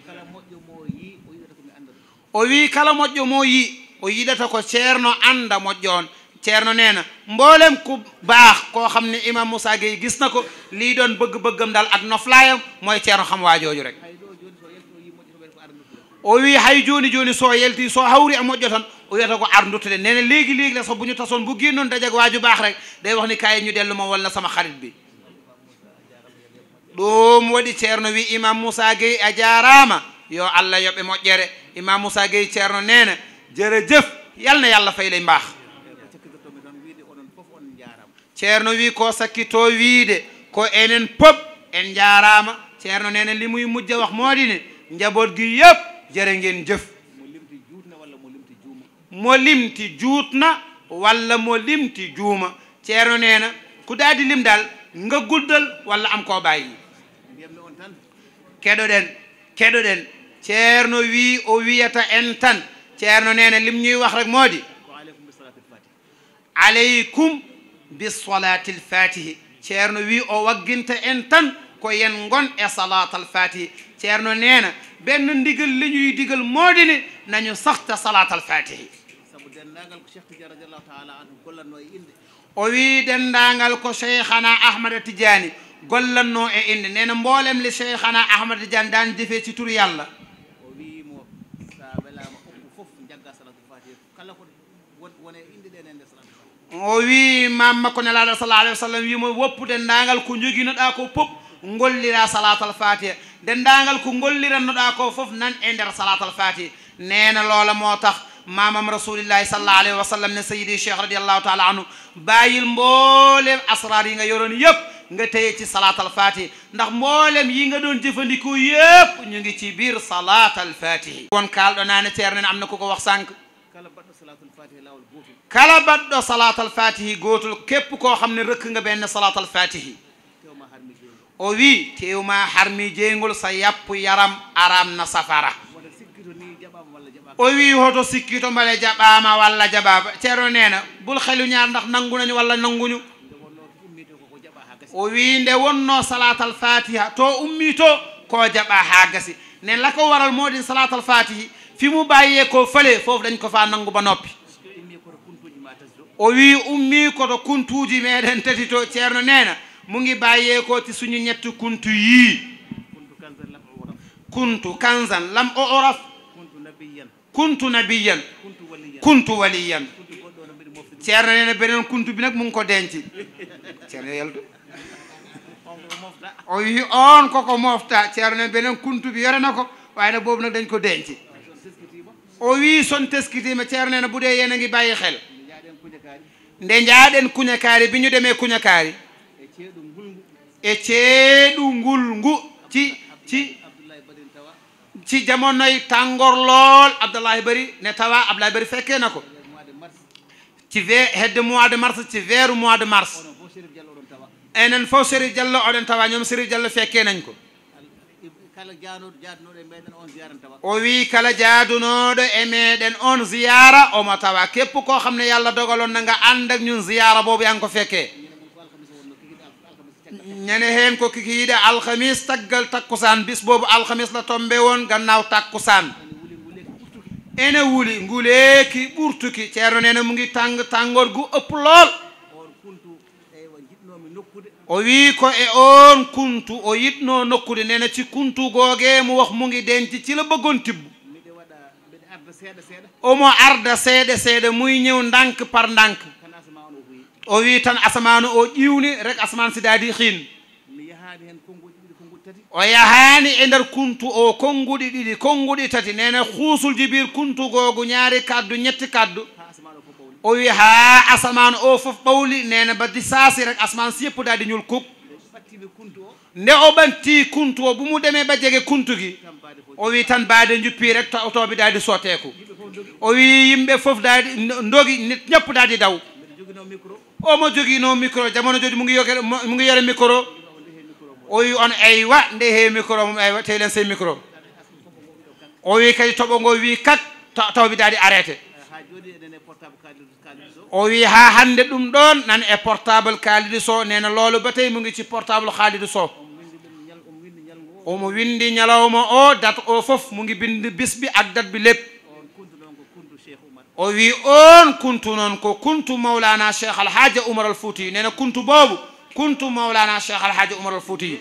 o wii kala moƴƴo moo yi o yiɗata ko ceerno ànda moƴƴoon ceerno neena mboolem ku baax koo xam ne imam moussa gay gis na ko lii doon bëgg-bëggam dal ak noflaayam mooy ceerno xam waajooju rek o wi hay joni joni so yalti so hawri e moƴƴo tan o wiyata ko ardutoɗen nene leegui leegi le so buñu tason buggi noon dajag waaju baax rek day wax ni kayeñu delluma walla sama xarit bi ɗum waɗi ceerno wi imam moussa gueyi a jarama yo allah yoɓe moƴƴere imam moussa gueyi ceerno nene jërëjëf yalna yallah fayley mbaax ceerno wi ko sakkito wiide ko enen pop en jarama ceerno nene limuy mujja wax moodi ne njabot gi yëpp jërë ngeen jëf mo limti juut na walla mo limti juuma ceerno nee na ku daal di lim daal nga guddal walla am koo bàyyi keɗoɗen keɗoɗen ceerno wii o wiyata en tan ceerno lim ñuy wax rek moo di aleykum bi salatil fatihi ceerno wii o wagginta en ko yen gon e salatal fati ceerno nee na benn ndigal li ñuy digal moo di ne nañu saxta salatal fatihi o wii denndaangal ko cheikhana ahmada tidiani gollannoo e inde nee na mboolem li cheikhana ahmada tidiani daan jëfee ci tur yàlla o wii mamma ko nelaaɗo sallah alah wa sallam wiimo woppude ndaangal ko joginoɗaa ko pop ngollira salatal fatiha dendaangal ko gollirannoɗa ko fof nan e salat al fatiha neena lola motax mamam rasulillah sallallahu alaihi wasallam ne sayyidi cheikh radiyallahu taala anu bayil mbole asrar yi nga yoron yep nga téye ci salat al fatiha ndax mbolem yi nga don jëfandikoo yep ñu ngi ci biir salatal fatiha won kaalɗo naane ceer nen am na ko ko wax sank kala baddo salat al gootol gotul kep ko xamne rek nga ben salat al fatihi o wi tewma harmi jeygol sa yappu yaram aramna safara o wi hoto sikkito mbale jaɓama walla jaɓaba ceero nena bul xelu ñar ndax nangunani walla nanguñu o wi nde wonno salatal fatiha to ummi to ko jaɓa ha gasi ne lako waral moɗin salatal fatihi fimu bayiye ko fale foof dañ ko fa nangu ba noppi o wi ummi koto kuntuji meɗen tati to ceerno nena mu ngi bàyyee koo ci suñu ñett kunt yii kuntu kanzan lam o oraf kuntu nabiyan kuntu waliyan ceer na neen beneen kunt bi nag mu ngi ko denci ceer na yaldu o yi oon ko ko moofta ceer na beneen kunt bi yore na ko waaye nag boobu nag dañ ko denci o wii son teskitima ceer neena bu dee yéen a ngi bàyyi xel ndenjaa den kuñakaari bi ñu demee kuñakaari e ceeɗu ngul ngu ci ci ci jamonoy tangorlool abdoulahi bari ne tawa abdoulahi bari fekkeena ko ci ve hedde mois de mars ci veeru mois de mars enen fof sérif diallo oɗen tawa ñoom sérif diallo fekke nañ ko e o wii kala jaadunooɗo e meeɗen on ziyara omo tawa képp koo xam ne yàlla dogaloon na nga ànd ak ñun ziyara boobu yan ko fekkee ñane heen ko kiki yiide alhamis taggal takkusaan bis boobu alhamis la tombe won gannaaw takkusaan ene wuli nguleeki ɓurtuki ceerno nene mu ngi tang tangol gu ëpp lool o wii ko e oon kuntu o yiɗnoo nokkude nene ci kuntu googee mu wax mu ngi denci ci la bëggoon tibbu omo arda seeɗa seeɗa muy ñëw ndànk par ndànk o wii tan asamanu o ƴiwni rek asaman sidaadi hiin o yahaani e ndeer kuntu o konnguɗi ɗiɗi konnguɗi tati nene huusul jibir kuntugoogu ñaari kaddu ñetti kaddu o wii haa asamanu o fof ɓawli nene baddi saasi rek asaman siyeppudaadi ñul kuk nde o ɓanti kuntu o bu mu ɗeme ɓa jege kuntugi o wii tan baade juppi rek to otoɓe daadi sooteeku o wii yimɓe fof daadi ndogi ñappudaadi daw omo joguino micro jamono joni mugi yoge mugi yore micro o wi on aywa nde he micro mum aywa teylen sey micro o wi kadi toɓo ngo wi kat tawbidaadi arrêté o wi ha hande ɗum ɗon nan e portable kaalidi so nena loolo batey mugi ci portable haalidi so omo windi ñalawma o date o foof mugi bindi bisbi ak date bi lepp وفي أون كنت ننكو كنت مولانا شيخ الحاج عمر الفوتي نينا كنت بابو كنت مولانا شيخ الحاج عمر الفوتي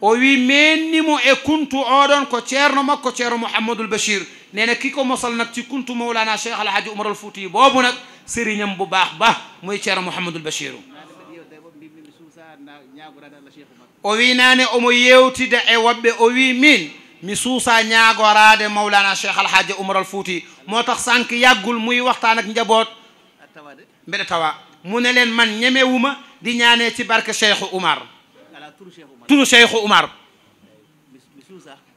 وفي مني مو إيه كنت أودن كو تيرنو ما كو تيرنو محمد البشير نينا كيكو مصلنا تي كنت مولانا شيخ الحاج عمر الفوتي بابو نك سيري نمبو باخ باه مو تيرنو محمد البشير وفي ناني أمو يوتي دا أي وبي أوي مين مسوسا نياغو راد مولانا شيخ الحاج عمر الفوتي موتاخ سانك ياغول موي وقتان اك نجابوت مبل توا مونيلن مان نيميووما دي نياني سي بارك شيخ عمر تورو شيخ عمر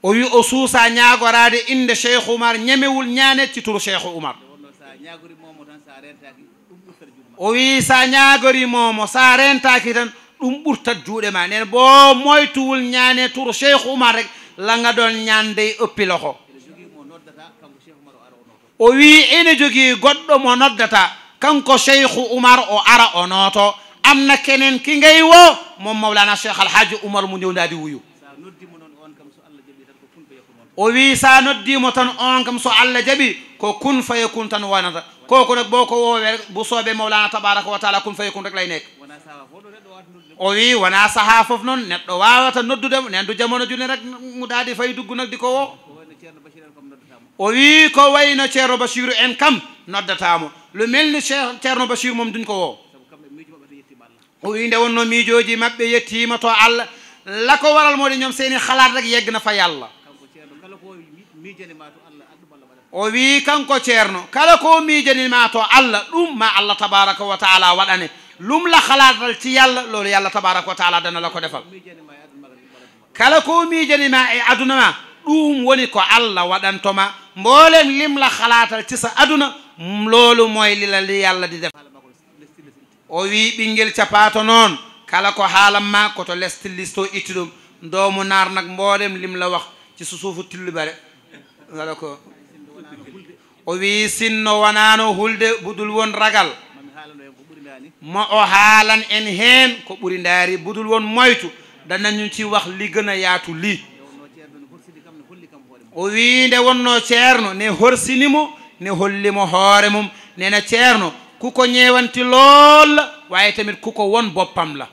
ويو اسوسا نياغو راد اند شيخ عمر نيميوول نياني سي تورو شيخ عمر وي سا نياغوري مومو سا رنتاكي تان دوم بورتا جودما نين بو مويتوول نياني تورو شيخ عمر رك la nga doon ñaandey uppi loxo o wii ene jogii goɗɗo mo noddata kanko cheikhu umar o ara o nooto am na keneen ki ngay wo moom mawlana cheikh alhaji umar mu ndiwndaadi wuyu o wii saa noddiimo tan on kam so allah jaɓi ko kun faye kun tan wonata koko nag boo ko woowe busooɓe mawlana tabaraka wa taala kun faye kun rek lay nekk o wi wonaa sahaa fof noon neɗɗo waawata noddudemo nendu jamono june rek mu daal di fay dugg nag di ko woo o wii ko way no ceerno bachiru en kam noddataamo lu mel ni ceerno bachiru moom duñ ko woo o wii nde wonno miijooji maɓɓe yettiima to allah la ko waral moo di ñoom seeni xalaat rek yegg na fa yàlla o wii kanko ceerno kala ko miijanima to allah ɗum ma allah tabaraka wa taala waɗane lum la xalaatal ci yàlla loolu yàlla tabaarak wa taala dana la ko defal kala ko ma e aduna ma ɗum woni ko allah toma mbolen lim la xalaatal ci sa aduna loolu moy li la yàlla di defal o wi ɓinngel capaato non kala ko halam ma to lest listo itidum doomu naar nag lim la wax ci susufu tillubare wala ko o wi sinno wanano hulde budul won ragal mo o haalan en heen ko ɓuri ndaari budul won moytu dananñum ci wax li gën a yaatu lii o wii nde wonno ceerno ne horsini mo ne hollimo hoore mum nena ceerno kuko ñeewanti lool waaye tamit kuko won boppam la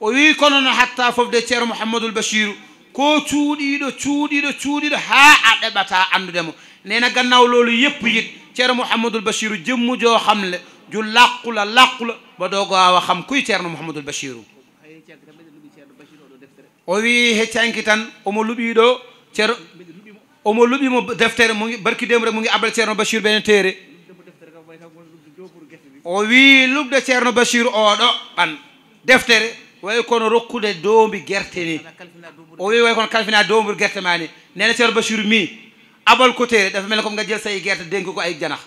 o wii kono no hatta fofde ceero mouhammadoul bachiru ko cuuɗiiɗo cuuɗiiɗo cuuɗiiɗo haa a ɗeɓataa anndude mo nena gannaaw loolu yëpp yit Ceerno Mouhamadul Bachiru jëmm joo xam le ju làqu la làqu la ba doogo awa xam kuy Ceerno Mouhamadul Bachiru o wi he cankitan omo luɓii ɗo ceerno omo luɓimo deftere mu ngi barki démb rek mu ngi abal ceerno Bachir benn téere o wii luɓde ceerno Bachir oɗo ɓan deftere way kono rokkude doombi gerte ni o wi way kono kalfina doombur gerte ma ni nene mi abal ko téere dafa mel ne comme nga jël say gerte dénk ko ay janax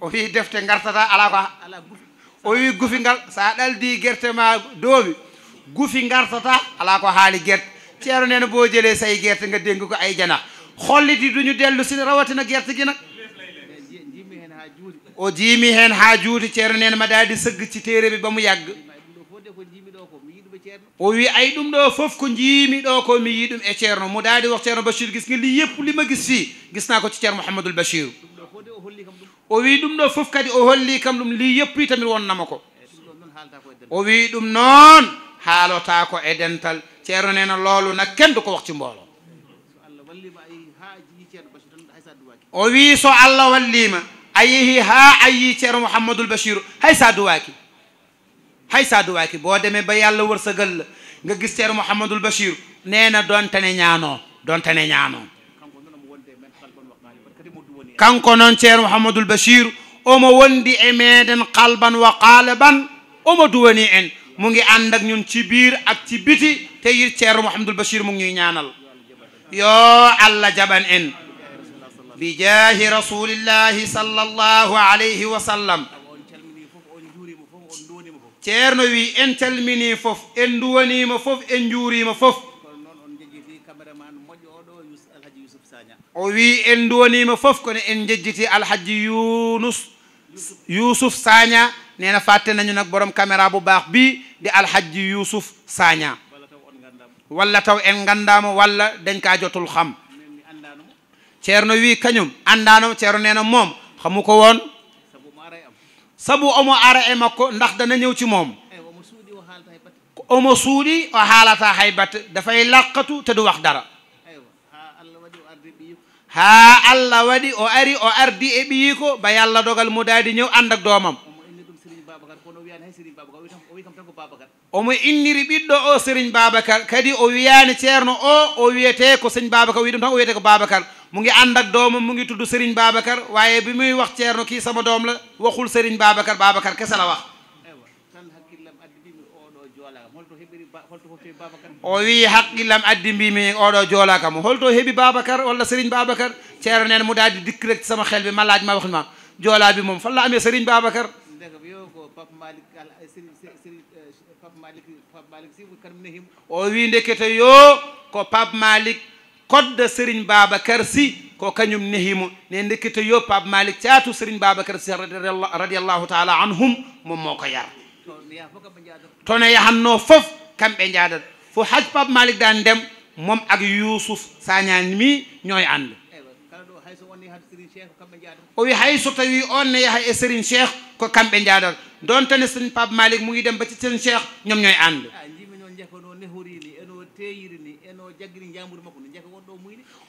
o wi defte ngartata ala ko o wi gufi ngal sa daldi gerte ma doobi gufi ngartata ala ko haali gerte ceero neena boo jëlee say gerte nga dénk ko ay janax xollidi du ñu dellu sin rawatina gerte gi nag o jiimi heen haa juuti ceero neena ma daal di sëgg ci téere bi ba mu yàgg o wi ay ɗum ɗo fof ko jiimi ɗo ko mi yii ɗum e ceerno mo daadi wax ceerno bachir gis nga li yëpp li ma gis fii gis naa ko ci ceerno mouhamadoul bachir o wi ɗum ɗo fof kadi o hollii kam ɗum li yëpp i tamit wonnama ko o wi ɗum noon haalotaa ko e dental ceerno nee na loolu nag kenn du ko wax ci mbooloo o wi so allah walliima a yehii haa a yii ceerno mouhamadoul bachir hay saa duwaaki hay sadu waaki boo demee ba yàlla wërsëgal la nga gis seer mouhamadul bachir nee na doontane ñaanoo doontane ñaanoo kanko noon ceer mouhamadul bachir omo wondi e meeden xalban wa qaaliban omo duwani en mu ngi ànd ak ñun ci biir ak ci biti te yit ceer mouhamadul bachir mu ngi ñuy ñaanal yoo allah jaban en bi jaahi rasulillahi sal allahu alayhi wa sallam ceerno wi en calmini fof en duwanima fof en juurima fof o wi en duwanima fof kono en jejjiti alhaji yunus yusuf sanya neena fàtte nañu nak borom caméra bu baax bi di alhaji yusuf sanya walla taw en ganndamo walla dañ ka jotul xam ceerno wi kañum andanam ceerno neena mom xamuko won sabu omo ara e makko ndax dana ñëw ci mom omo suudi o halata haybat da fay làqatu te du wax dara ha allah wadi o ari o ardi e biiko ba yàlla dogal mu daal ñëw andak domam omo inniri ɓiɗɗo o sérigne babacar kadi o wiyani ceerno o o wiyete ko sérigne babacar o wi ɗum tan o wiyete ko babacar mo gi andat doomo mo gi tuddu sérigne babacar waye bi muy wax ceerno ki sama doom la waxul sérigne babacar babacar kese la wax o wi haqqillam addi mbimi oɗo joolakamo holto heeɓi babacar walla sérigne babacar ceerno nen mo daadi dikk rek sama xel bi malaaj ma waxlima joola bi moom falla amee sérigne babacar Pape Malick Serigne Serigne Pape Malick Pape Malick Sy kamne himo o wi ndekete yo ko Pape Malick kodda Serigne Babacar Sy ko kañum nehimo ne ndekete yo Pape Malick caatu Serigne Babacar Sy radiallahu taala anhum moom moo ko yar tono yahanno fof kamɓe jaadat fo haj Pape Malick daan ndem moom ak Youssouf Sagnane mi ñooy ànd o wi hay so tawi on ne yaha e Serigne Cheikh ko kamɓe njaadol don tane sen pape malik mu ngi dem ba ci sen cheikh ñoom ñooy ànd ah,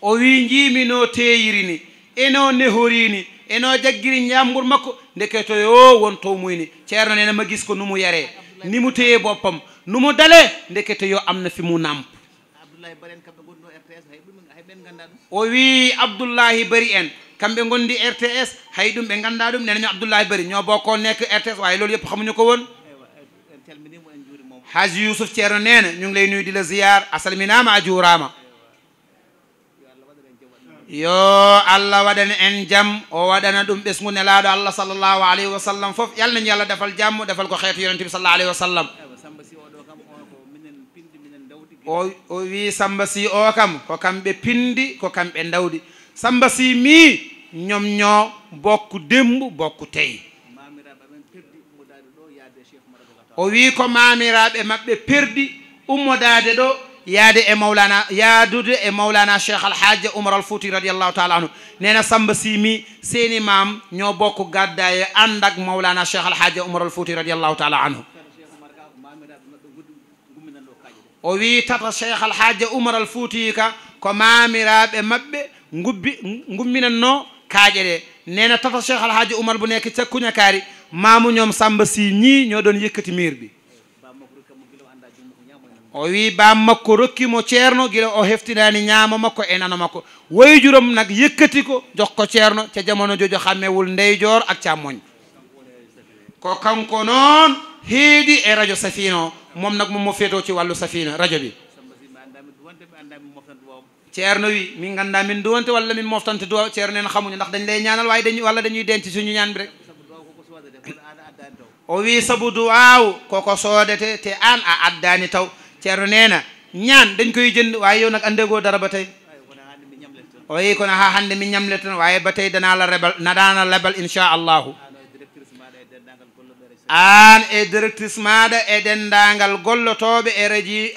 o wi njiimi no teeyiri ni eno nehori ni eno jaggiri njambour makko ndeketo yo wonto muyni ceerno nena ma gis ko nu mu yare ni mu teye boppam nu mu dale ndekete yo am na fi mu namp o wi abdoulahi bari en kamɓe gondi rts hay ɗum ɓe ganda ɗum neneño abdoullahi bari ño boko nek rts wawi lolu yeppa xamuño ko won er, haji yousuf ceerno nene ñung ley nuy dila ziyar a salminama a juurama yo allah waɗana en jaam o waɗana ɗum ɓesgu nelaɗo allah sallllahu aleyhi wa sallam foof yalna ñi allah defal jammu defal ko xeetu yonente bi sall alayhi wa sallam o wi samba si o kam ko kamɓe pindi ko kamɓe dawdi sambasi mi ñom ñoom ñoo bokk démb bokk tey o wi ko mamiraabe mabbe perdi ummodade do yaade e maulana yaadude e mawlana cheikh alhaji oumar alfouti radiyallahu taala anhu neena sambasi mi seeni mam ñoo bokk gadda e andak mawlana cheikh alhaji oumar alfouti radiyallahu taala anhu o wi tata cheikh alhaji oumar alfouti ka ko mamiraabe mabbe gubbi gumminatno kaaƴe ɗe nena tata cheikh alhaji oumar bo nekk cakkuña kaari mamu ñoom samba si ñi ñoo ɗon yëkkati mur ɓi o wi bam makko rokkimo ceerno gila o heftinani ñaama makko e nano makko wayjurom nag yëkkati ko jox ko ceerno ca jamono jojo xammewul ndeyjoor ak cammoñ ko kanko noon heedi e radio safine o moom nag mom mo feeto ci wàllu safine radio bi ceerno wi min ganndaa min duwante walla min moftante duwa ceerno en xamuñu ndax dañ lay ñaanal waaye dañu walla dañuy denc suñu ñaan bi rek o wi sabu duwaaw koko soodete te aan a addaani taw ceerno nee na ñaan dañ koy jënd waaye yow nag andeegoo dara ba tey oyi kono ha hannde mi ñamleto waaye ba tey danaa la rebal nadaana lebal incha allahu aan e directrice maaɗa e dendaangal gollotooɓe e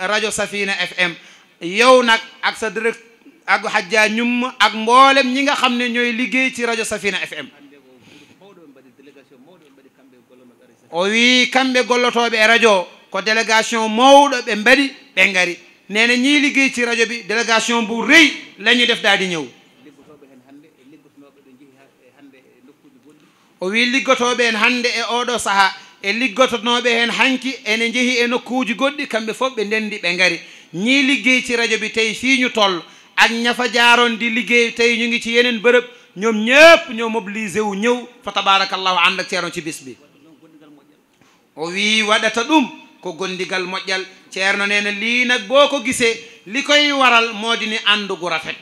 radio safina fm yow nag ak sa direct ak hajja ñum ak mboolem ñi nga xam ne ñooy liggéey ci rajo safina fm o wi kamɓe gollotooɓe e radio ko délégation mawɗo ɓe mbaɗi ɓe ngari neene ñii liggéey ci radio bi délégation bu rëy lañu def daa di ñëw o wi liggotooɓe heen hannde e oo ɗoo sahaa e liggotonooɓe heen hanki ene njehii e nokkuuji goɗɗi kamɓe fof ɓe ndenndi ɓe ngari ñii liggéey ci radio bi tawi fii ñu toll ak ñafa jaaroon di liggéey tey ñu ngi ci yeneen bërëb ñoom ñëpp ñoo mobilisé wu ñëw fa tabaarakallahu ànd ak ceerno ci bis bi o wii waɗata ɗum ko gondigal moƴƴal ceerno nee na lii nag boo ko gisee li koy waral moo di ni ànd gu rafet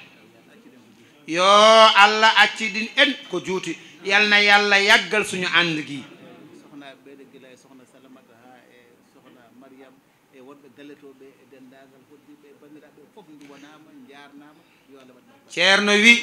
yoo allah acci din en ko juuti yal na yàlla yàggal suñu ànd gii ceerno wi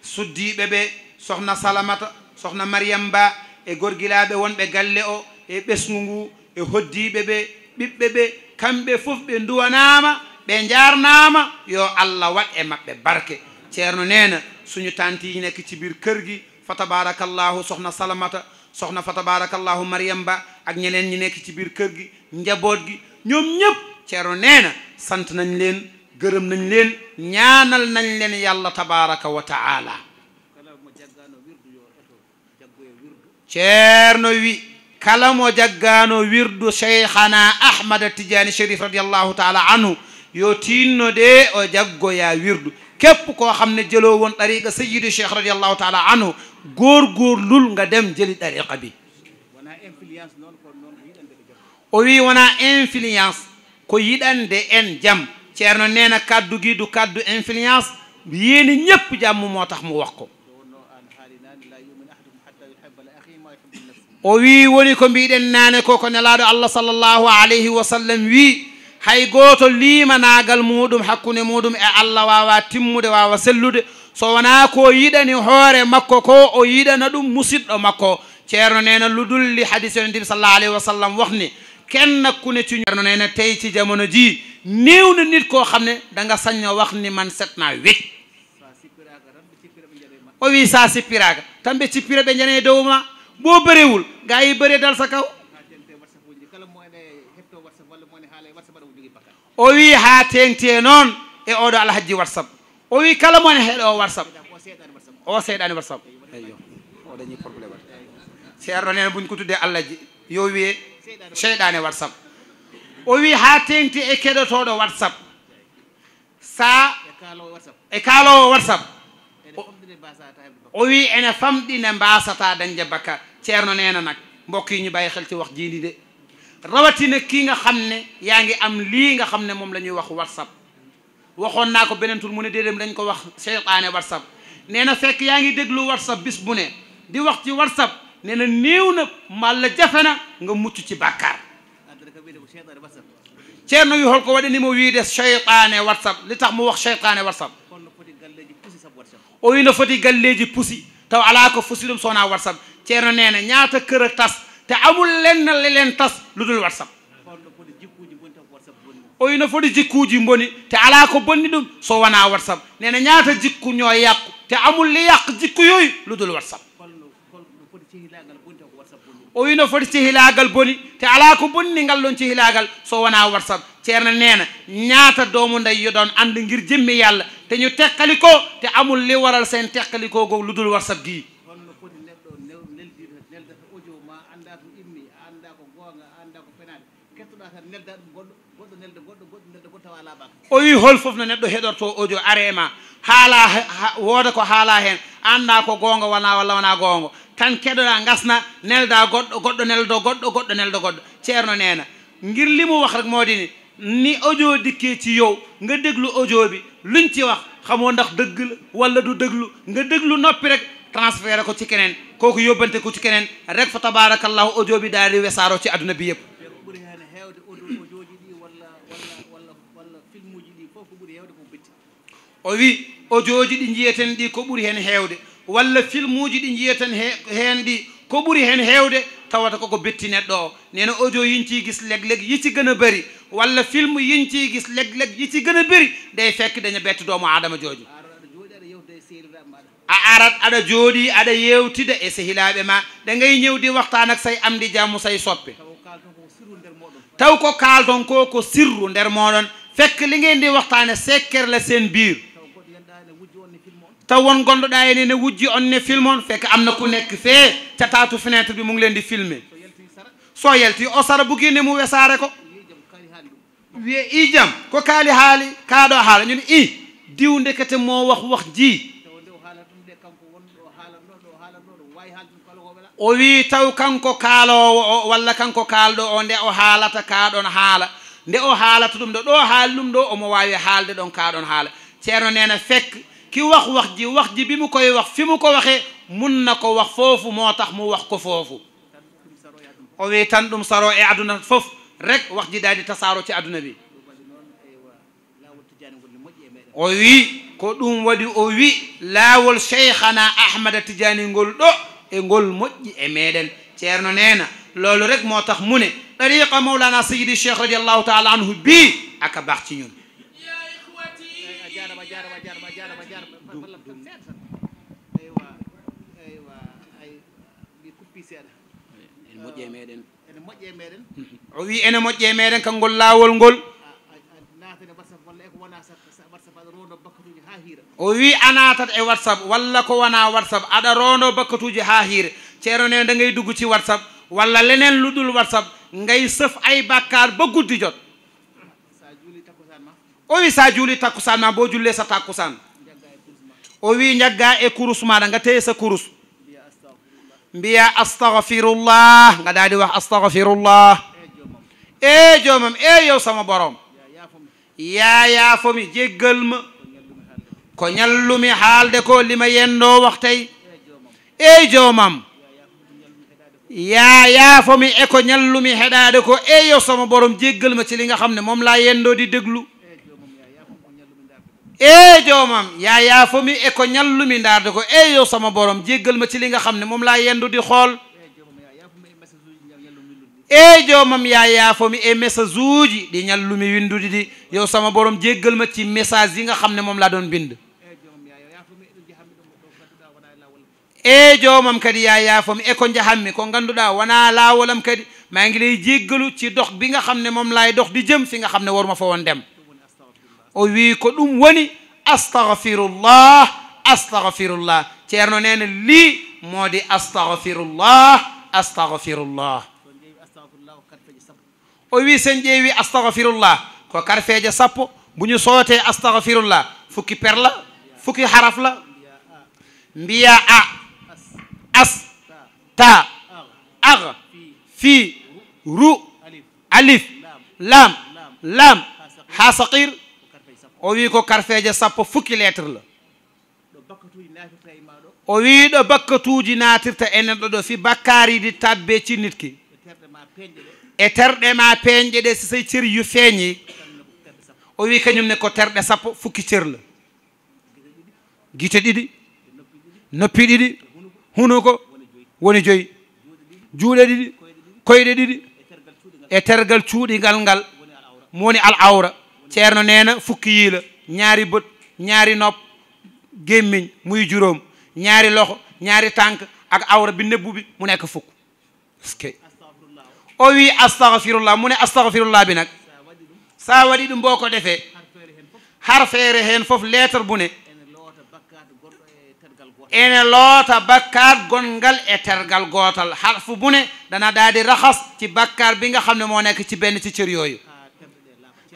suddiiɓe ɓe sohna salamata sohna mariyam ba e gorgilaaɓe wonɓe galle o e ɓesngu ngu e hoddiiɓe ɓe ɓiɓɓe ɓe kamɓe fof ɓe nduwanaama ɓe njaarnaama yo allah waɗ e maɓɓe barke ceerno neena suñu tantiine kicibir kërgi fa tabarakallahu sohna salamata sohna fa tabarakallahu mariyam ba ak ñeneen ñi nekk ci biir kër gi njaboot gi ñoom ñëpp ceerno neena sant nañ leen gërëm nañ leen ñaanal nañ leen yàlla tabaraka wa taala ceerno wi kala mo jaggaano wirdu cheikhana ahmad tijani sharif radiyallahu taala anhu yo tinno de o jaggo ya wirdu kep ko xamne jelo won tariqa sayyid cheikh radiyallahu taala anhu gor gor lul nga dem jëli tariqa bi wana influence non non ko jam o wi wana influence ko yiɗande en jam Thierno nee kàddu gi du kàddu influence yéene ñépp jàmm motax mu wax ko o wi woni ko den naane ko ko nelaaɗo allah sallallahu alayhi wa sallam wi hay goto gooto limanaagal mudum hakkunde mudum e allah wawa timmude wawa sellude so wana ko yidani hore makko ko o yidana dum musiddo makko ceerno neena luddul li hadith yo nabi sallallahu alayhi wa sallam waxni kenn ku ne ci ceerno neena tay ci jamono ji new na nit ko xamne da nga sañ a wax ni man setna naa o wi sa ci piraga tambe ci pirabe ñane dooma bo boo bërewul yi bëree dal sa kaw o wi ha tente non e do alhaji whatsapp o wi kala mo ne heɗoo whatsapp o seeɗaani whatsapp ayo o dañi problème ci arone buñ ko tuddé allah ji yo wi seyɗaane whatsapp o wi ha tengti e keɗotoɗo whatsapp sa e kaalowo whatsapp o wi ene famɗi ne mbasata dañde ceerno neena nag mbokk yi ñu bàyyi xel ci wax jiidi de rawatina kii nga xam ne yaa ngi am lii nga xam ne moom la ñuy wax whatsapp waxoon naa ko beneen tur mu ne déedéem dañ ko wax seytaane whatsapp nee na fekk yaa ngi déglu whatsapp bis bu ne di wax ci whatsapp nee na néew na mbal la na nga mucc ci bàkkaar ceerno wi holko waɗanimo wiide cheytane whatsapp li tax mo wax cheytane whatsapp o wino foti galleji pusi taw ala ko fusi ɗum sowna whatsapp ceerno nene ñaata kër ak tas te amul len leleen tas lu dul whatsapp o wino foti jikkuji mboni te ala ko bonni ɗum so wona whatsapp nene ñaata jikku ño yàqu te amul li yàq jikku yooyu lu dul whatsapp o wino foti cihilagal boni te ala ko bonni ngal ɗon cihilagal so wona warsab ceerno nena ñaata domu dayi yo ɗon anda guir jimmi yalla te ñu tekkali ko te amul liwaral sen tekkali ko goo ludul warsab gii o wi hol foof no neɗɗo heɗorto audio arema haala wooda ko haala hen anda ko gonga wona walla wona gonga tan keɗoɗa gasna nelda goɗɗo goɗɗo neldo goɗɗo goɗɗo neldo goɗɗo ceerno neena girlimu wax rek moo di ni ni audio dikkee ci yow nga déglu audio bi luñ ci wax xamoo ndax dëgg la wala du déglu nga déglu noppi rek transféré ko ci keneen kooku yóbbante ko ci keneen rek fa tabaracallahu audio bi daal di wesaaro ci àdduna bi yëpp o wi audio ji ɗi njiyeten ɗi ko ɓuri heen heewde walla film uji ɗi jiiya tan heen ɗi ko ɓuri heen heewde tawata koko betti neɗɗo o neno audio yincii gis leg leg yici gëna bëri walla film yincii gis leg leg yici gëna bëri day fekk daña betti doomu adama jooju a arat aɗa jooɗi aɗa yewtida e sehilaaɓe ma ɗa ngay ñewdi waxtaan ak say amdi jammu say soppe taw ko kaalton ko ko sirru nder mooɗon fekk li ngay ndi waxtaane sekkere la seen biir taw won gonɗoɗa ene ne wujji on ne film on fek am na ko nekk fee catatu fenêtre bi mu ngi leen di filmé so yalti o sara bugiinde mu wesaare ko wiye i jam ko kaali haali kaaɗo haala ñun i diw ndekete moo wax wax jii o wii taw kanko kaaloowo o walla kanko kaalɗo o nde o haalata kaaɗon haala nde o haalata ɗum ɗo ɗo haali ɗum ɗo omo waawi haalde ɗon kaaɗon haala ceerno neena fekk ki wax wax ji wax ji bi mu koy wax fi mu ko waxee mun na ko wax foofu moo tax mu wax ko foofu o wi tan ɗum saro e aduna fof rek wax ji daal di tasaaro ci aduna bi o wi ko ɗum waɗi o wi laawol cheikhana ahmada tidiani ngol ɗo e ngol moƴƴi e meɗen ceerno neena loolu rek moo tax mu ne tariqa mawlana sayidi cheikh radiallahu taala anhu bii aka baax ci ñun moƴƴe e meeɗen o wii ene moƴƴe e meeɗen kanngol laawol ngol e o wii a naatat e whatsapp walla ko wonaa whatsapp aɗa roondo bakatuuji haa hiire ceerone nde ngay duguci whatsapp walla leneen luɗɗul whatsapp ngay sef ay bakkaar ba guddi jot o wii so juuli takkusaan ma boo jullee sa takkusaan e o wii njaggaa e kurus maaɗa nga teye sa kurus mbiya astahfirullah nga daal di wax astahfirullah e joomam e yow sama borom yaa yaafomi jéggal ma ko ñallumi haalde ko lima yendoo waxtay e joomam yaa yaafomi e ko ñallumi heɗaade ko e yow sama borom jéggal ma ci li nga xam ne moom laa yendoo di déglu e joomam yaa yaafomi e ko ñallumi ndaarde ko e yow sama borom jéggal ma ci li nga xam ne moom laa yendu di xool e joomam yaa yaafomi e message uji ɗi ñallumi windude ɗi yow sama borom jéggal ma ci message yi nga xam ne moom laa doon bind e joomam kadi yaa yaafomi e ko jahanmi ko ngannduɗaa wonaa kadi maa ngi lay jéggalu ci dox bi nga xam ne moom laay dox di jëm fi nga xam ne waruma fa woon dem ويكو دوم استغفر الله استغفر الله تيرنا نين لي مودي استغفر الله استغفر الله وي سن جي استغفر الله كو كارفيجا ساب بونو سوتي استغفر الله فوكي بيرلا فوكي حرف لا ا اس تا اغ في رو الف الف لام لام لام ها صقير o wi ko karfeje sappo fukki lettre la e o wi ɗo bakkatuji natirta enen ɗo ɗo fi bakkari di tabbe cinnit ki e terɗe ma peñƴe ɗe e sosey cer yu feeñi o wi kañum ne ko terɗe sappo fukki cer la gite ɗiɗi noppi ɗiɗi hunuko woni joyi juuɗe ɗiɗi koyɗe ɗiɗi e tergal cuuɗigal ngal e mo woni al awra ceerno nee na fukki yii la ñaari bët ñaari nopp gémmiñ muy juróom ñaari loxo ñaari tànk ak awra bi nëbbu bi mu nekk fukk ske o wi astahfirullah mu ne astahfirullah bi nag saa waɗi ɗu mboo ko defee harfeere heen fof lettre bu ne ene loota bakkaat gongal e tergal gootal harfu bu ne dana daa di raxas ci bakkaar bi nga xam ne moo nekk ci benn ci cër yooyu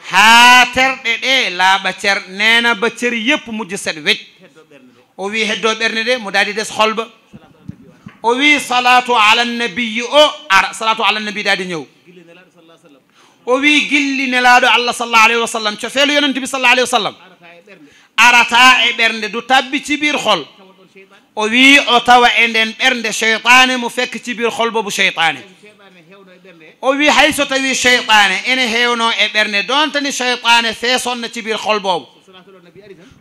هاتر لا بشر نانا بشر يب مجسد ويت وفي هدو برنه مدادي دس خلب وفي صلاة على النبي صلاة على النبي دادي نيو وفي قل نلاد الله صلى الله عليه وسلم شفه لي ننتبه صلى الله عليه وسلم عرطاء برنه دو تبي تبير خل وفي عطاء اندن برنه شيطان مفك تبير خلب بو شيطاني E o wi hay so tawi cheytane ene hewno e ɓerde don tani cheytane feesonna cibir hol boobo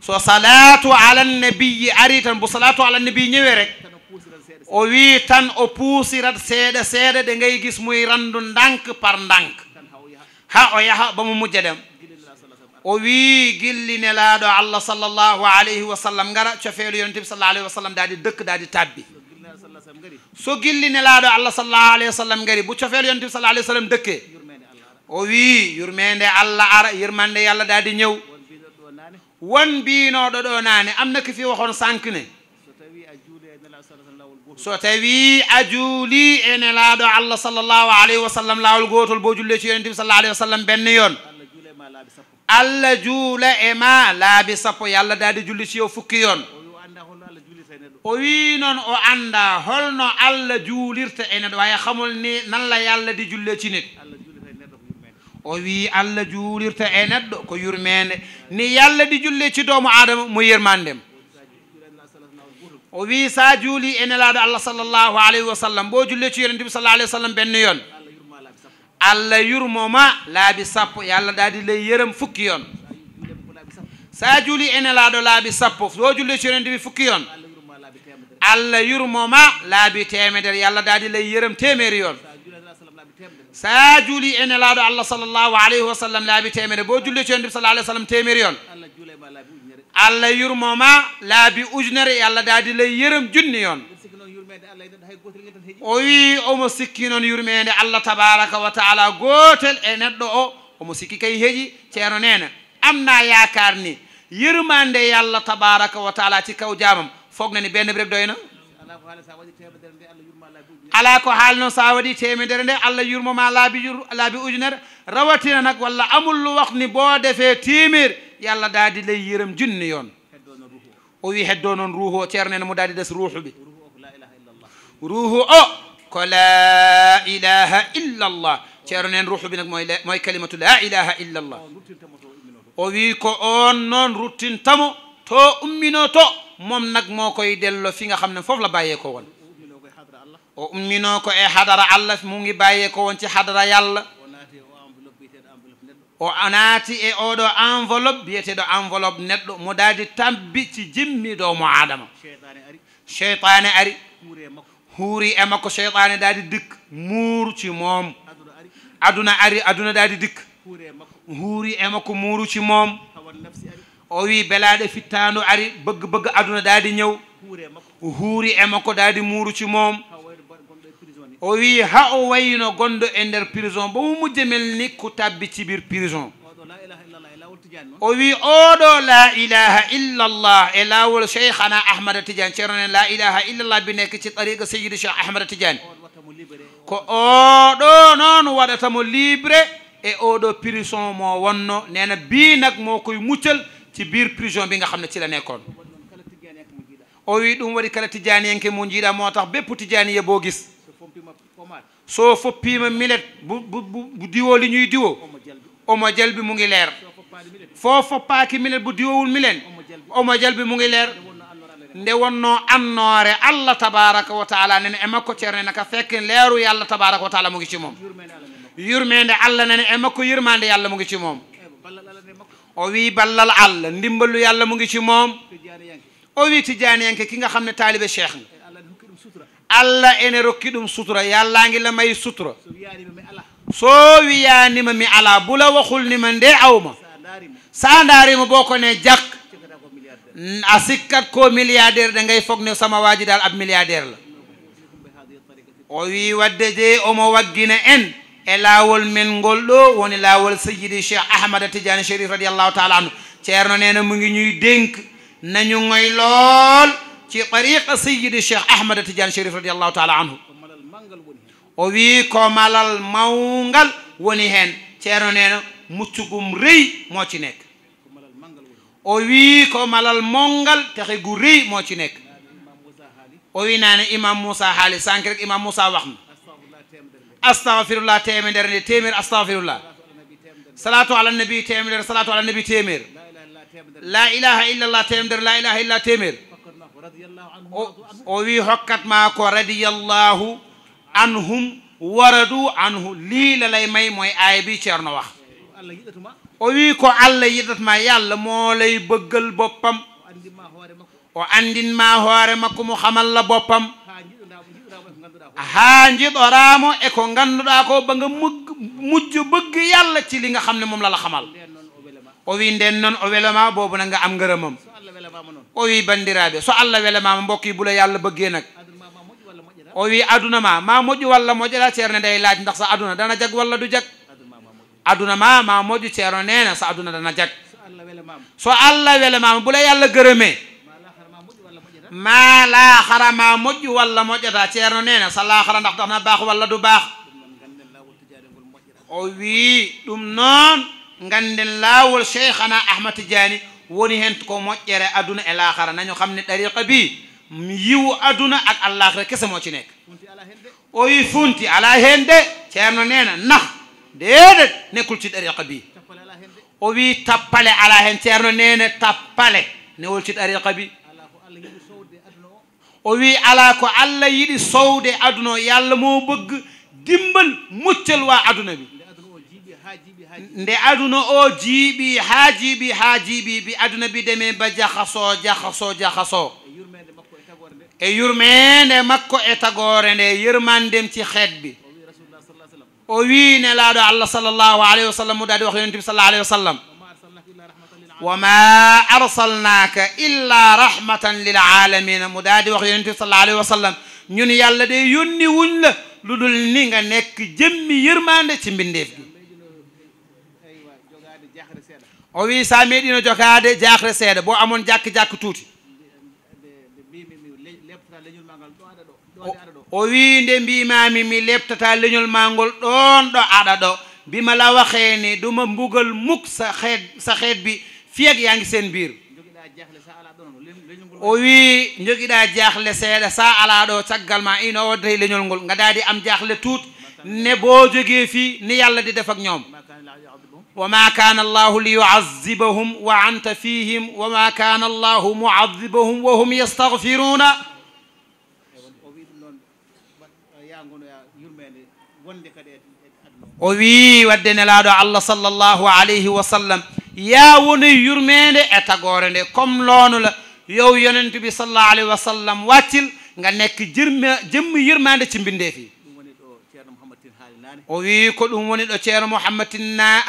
so salatu alalnabiyi ari tan bo salatu alalnabi ñewi rek o wi tan o puusirat seeɗa seeɗa ɗe gay gis muy randu ndank par ndank ha o yaha bamo mujja ɗem o wi gillinelaɗo allah sallllahu alayhi wa sallam gara cofeelo yonantibi sallah alayhi wa sallam daadi dëkk daadi tabbi so gilli nelaaɗo allah sallallahu alayhi wa sallam ngari bu cofeel yonent bi sallallahu alayhi wa sallam dëkke o wii yurmeende allah ara yurmande yàlla daal di ñëw won mbiinooɗo ɗo naane am na ki fi waxoon sànq ne so tawii a juuli e allah sallallahu alayhi wa sallam laawol gootol boo jullee ci yonent sallallahu alayhi wa sallam benn allah juula e ma laabi sappo yàlla daal julli ci yow fukki yoon o wii noon o annda holno allah juulirta e neɗɗo waya xamol ni nan la yàlla di julle ci nit o wii allah juulirta e neɗɗo ko yurmeende ni yàlla di julle ci doomu aadama mo yermandem o wii sa juuli e nelaaɗo allah sallllahu alayhi wa sallam bo julle ci yonente bi sallah alayhi wa sallam benn yoon allah yurmoma laabi sappo yàlla daa di lay yërëm fukki yoon sa juuli e nelaaɗo laabi sappo so julle ci yonente bi fukki yoon alla yurmoma laabi temedere yo allah daadi ley yeram temere yon sa juuli ene laaɗo allah sallllahu alayhi wa sallam laabi temere bo julle cewndim sallah alih w sallam temere yon allah yurmoma laabi ujunere e allah daadi ley yeram junni yon o wi omo sikki noon yurmede allah tabaraka wa taala gotel e neɗɗo o omo sikki kay heeƴi ceerno nena amna yakar ni yirmande e wa taala ci kaw jamam فوق نني بن بريك دوينا على كو حال نو ساودي تيمي ديرندي الله يورما ما لا بي يور لا بي اوجنر رواتينا نك ولا امول لو وقت ني بو ديفه تيمير يالا دادي لي ييرم جوني يون او وي هدونون روحو تيرن نمو دادي دس روحو بي روحو لا اله الا الله روحو او لا اله الا الله تيرن روحو بي نك موي كلمه لا اله الا الله او وي نون روتين تامو تو امينو تو mom nak mo koy delloo fi nga xamne ne la baye ko won o umminoo ko e hadara allah mu ngi baye ko won ci hadara yàlla o anati e envelope biete do envelope neddo mo daadi tambi ci jimmi do mo adama shaytan ari huri e mako shaytan daadi dik mur ci mom aduna ari aduna daadi dik huri e mako muru ci mom o wi belaɗe fittandu ari bëgg bëgg aduna daal di ñëw huuri e makko daal di muuru ci moom o wi ha o wayino gonɗo e nder prison bo mo mujje mel ni ko tabbi ci biir prison o wi oɗo la ilaha illallah e laawol cheikhana ahmada tidiane ceernonen la ilaha illallah bi nekk ci tariqa seyidi cheikh ahmada tidiane ko oɗo noon waɗatamo libre e oɗo prison mo wonno nena bi nag moo koy muccal ci biir prison bi nga xam ne ci la nekkoon o wi ɗum waɗi kala tijaani yenke mu njiiɗa moo tax bépp tijaani ye boo gis soo foppiima milet bu diwoo li ñuy diwo omo jël bi mu ngi leer foo foppaaki milet bu diwowul milen omo jël bi mu ngi leer nde wonnoo annoore allah tabaraka wa taala nene e makko ceerne naka fekk leeru yàlla tabaraka wa taala mu ngi ci moom yurmeende allah nene e makko yurmaande yàlla mu ngi ci moom o wi ballal allah ndimbalu yàlla mu ngi ci moom o wi tijaaniyanke ki nga xam ne taalibe cheikh nga allah ene rokki ɗum sutura yàllaa ngi la may sutura soo wiyaanima mi alaa bu la waxul ni ma nde awma saa ndaarima boo ko ne jàkk a sikkat ko milliardaire da ngay foog ne sama waaji daal ab milliardaire la o wi wadde je omo waggina en e laawol men ngol ɗo woni laawol sayidi cheikh ahmada tidiane chérif radiallahu taala anu ceerno neena mu ngi ñuy dénk nañu ngoy lool ci tariqa sayidi cheikh ahmada tidiane chérif radiallahu taala anhu o wii ko malal mawngal woni heen ceerno neena muccugum rëy moo ci nekk o wii ko malal mawngal texe gu rëy moo ci nekk o wii naane imam moussa haali sank rek imam moussa wax na استغفر الله تيمير تيمير استغفر الله صلاه على النبي تيمير صلاه على النبي تيمير لا اله الا الله تيمير لا اله الا تيمير او الله عنه وي رضي الله عنهم وردو عنه ليل لا ماي موي اي بي تيرنا وخ الله يدتما وي كو الله مولاي بغل بوبام واندين ما هوار مكو محمد بوبام haa njiɗoraamo e ko ngannduɗaa ko ba nga mugg mujjo bëgg yàlla ci li nga xam ne moom la la xamal o wi ndeen noon o welama boobu na nga am ngërëmam o wi bandiraabe so allah welamaama mbokk yi bu la yàlla bëggee nag o wi aduna ma maa moƴu wala moƴala ceerno day laaj ndax sa aduna dana jag wala du jag aduna ma maa moƴu ceerno nee na sa aduna dana jag so allah welamaama bu la yàlla gërëmee ما لا حرام موج ولا موج دا تيرنو نينا صلاه خرا ندخ دخنا باخ ولا دو باخ او وي دوم نون غندن لاول شيخنا احمد تجاني وني هنت كو موجيره ادنا الاخره نانيو خامني طريقه بي ميو ادنا اك الاخره كسه موتي نيك او وي فونتي على هند تيرنو نينا نخ ديدت نيكول سي طريقه بي او وي تابالي على هند تيرنو نينا تابالي نيول سي بي وي على كو الله يدي سود ادنا يالله مو بغ ديمبل موتشل وا ادنا بي ندي ادنا او جي بي ها جي بي ها جي بي بي ادنا بي ديمي با جاخاسو جاخاسو جاخاسو اي يرمن مكو اتاغور ندي يرمان ديم سي خيت بي او وي رسول الله صلى الله عليه وسلم او وي نلا الله صلى الله عليه وسلم دادي واخ يونتي صلى الله عليه وسلم وما أرسلناك إلا رحمة للعالمين مداد وخيرين صلى الله عليه وسلم نيون يالا دي يوني وون لا لودول نيغا نيك جيم يرماند سي مبنديف او وي سامي دينا جوكاد جاخر سيد بو امون جاك جاك توتي او وي ندي بي مامي مي لبتتا لنيول مانغول دون دو ادادو بما لا وخيني دوما مبوغل موك سا خيت سا خيت بي fii ak yaa ngi seen biir o wi jogiɗa jaahle seeɗa sa ala ɗo caggal ma ino waddahi leñol ngol gadadi am jaahle tuut ne boo jogee fii ni yàlla di def ak ñoom wa ma kana allahu li yuazibahum wa anta fihim wa ma kana allahu muazibahum wa hum yastahfiruna o wii wadde nelaaɗo allah sallllahu alayhi wa sallam ياوني يرمين اتغورن كم لون يو يونن تبي صلى الله عليه وسلم واتل غنك جيرم جيم يرمان تيمبنديفي او وي كو دوم وني دو تيرا محمد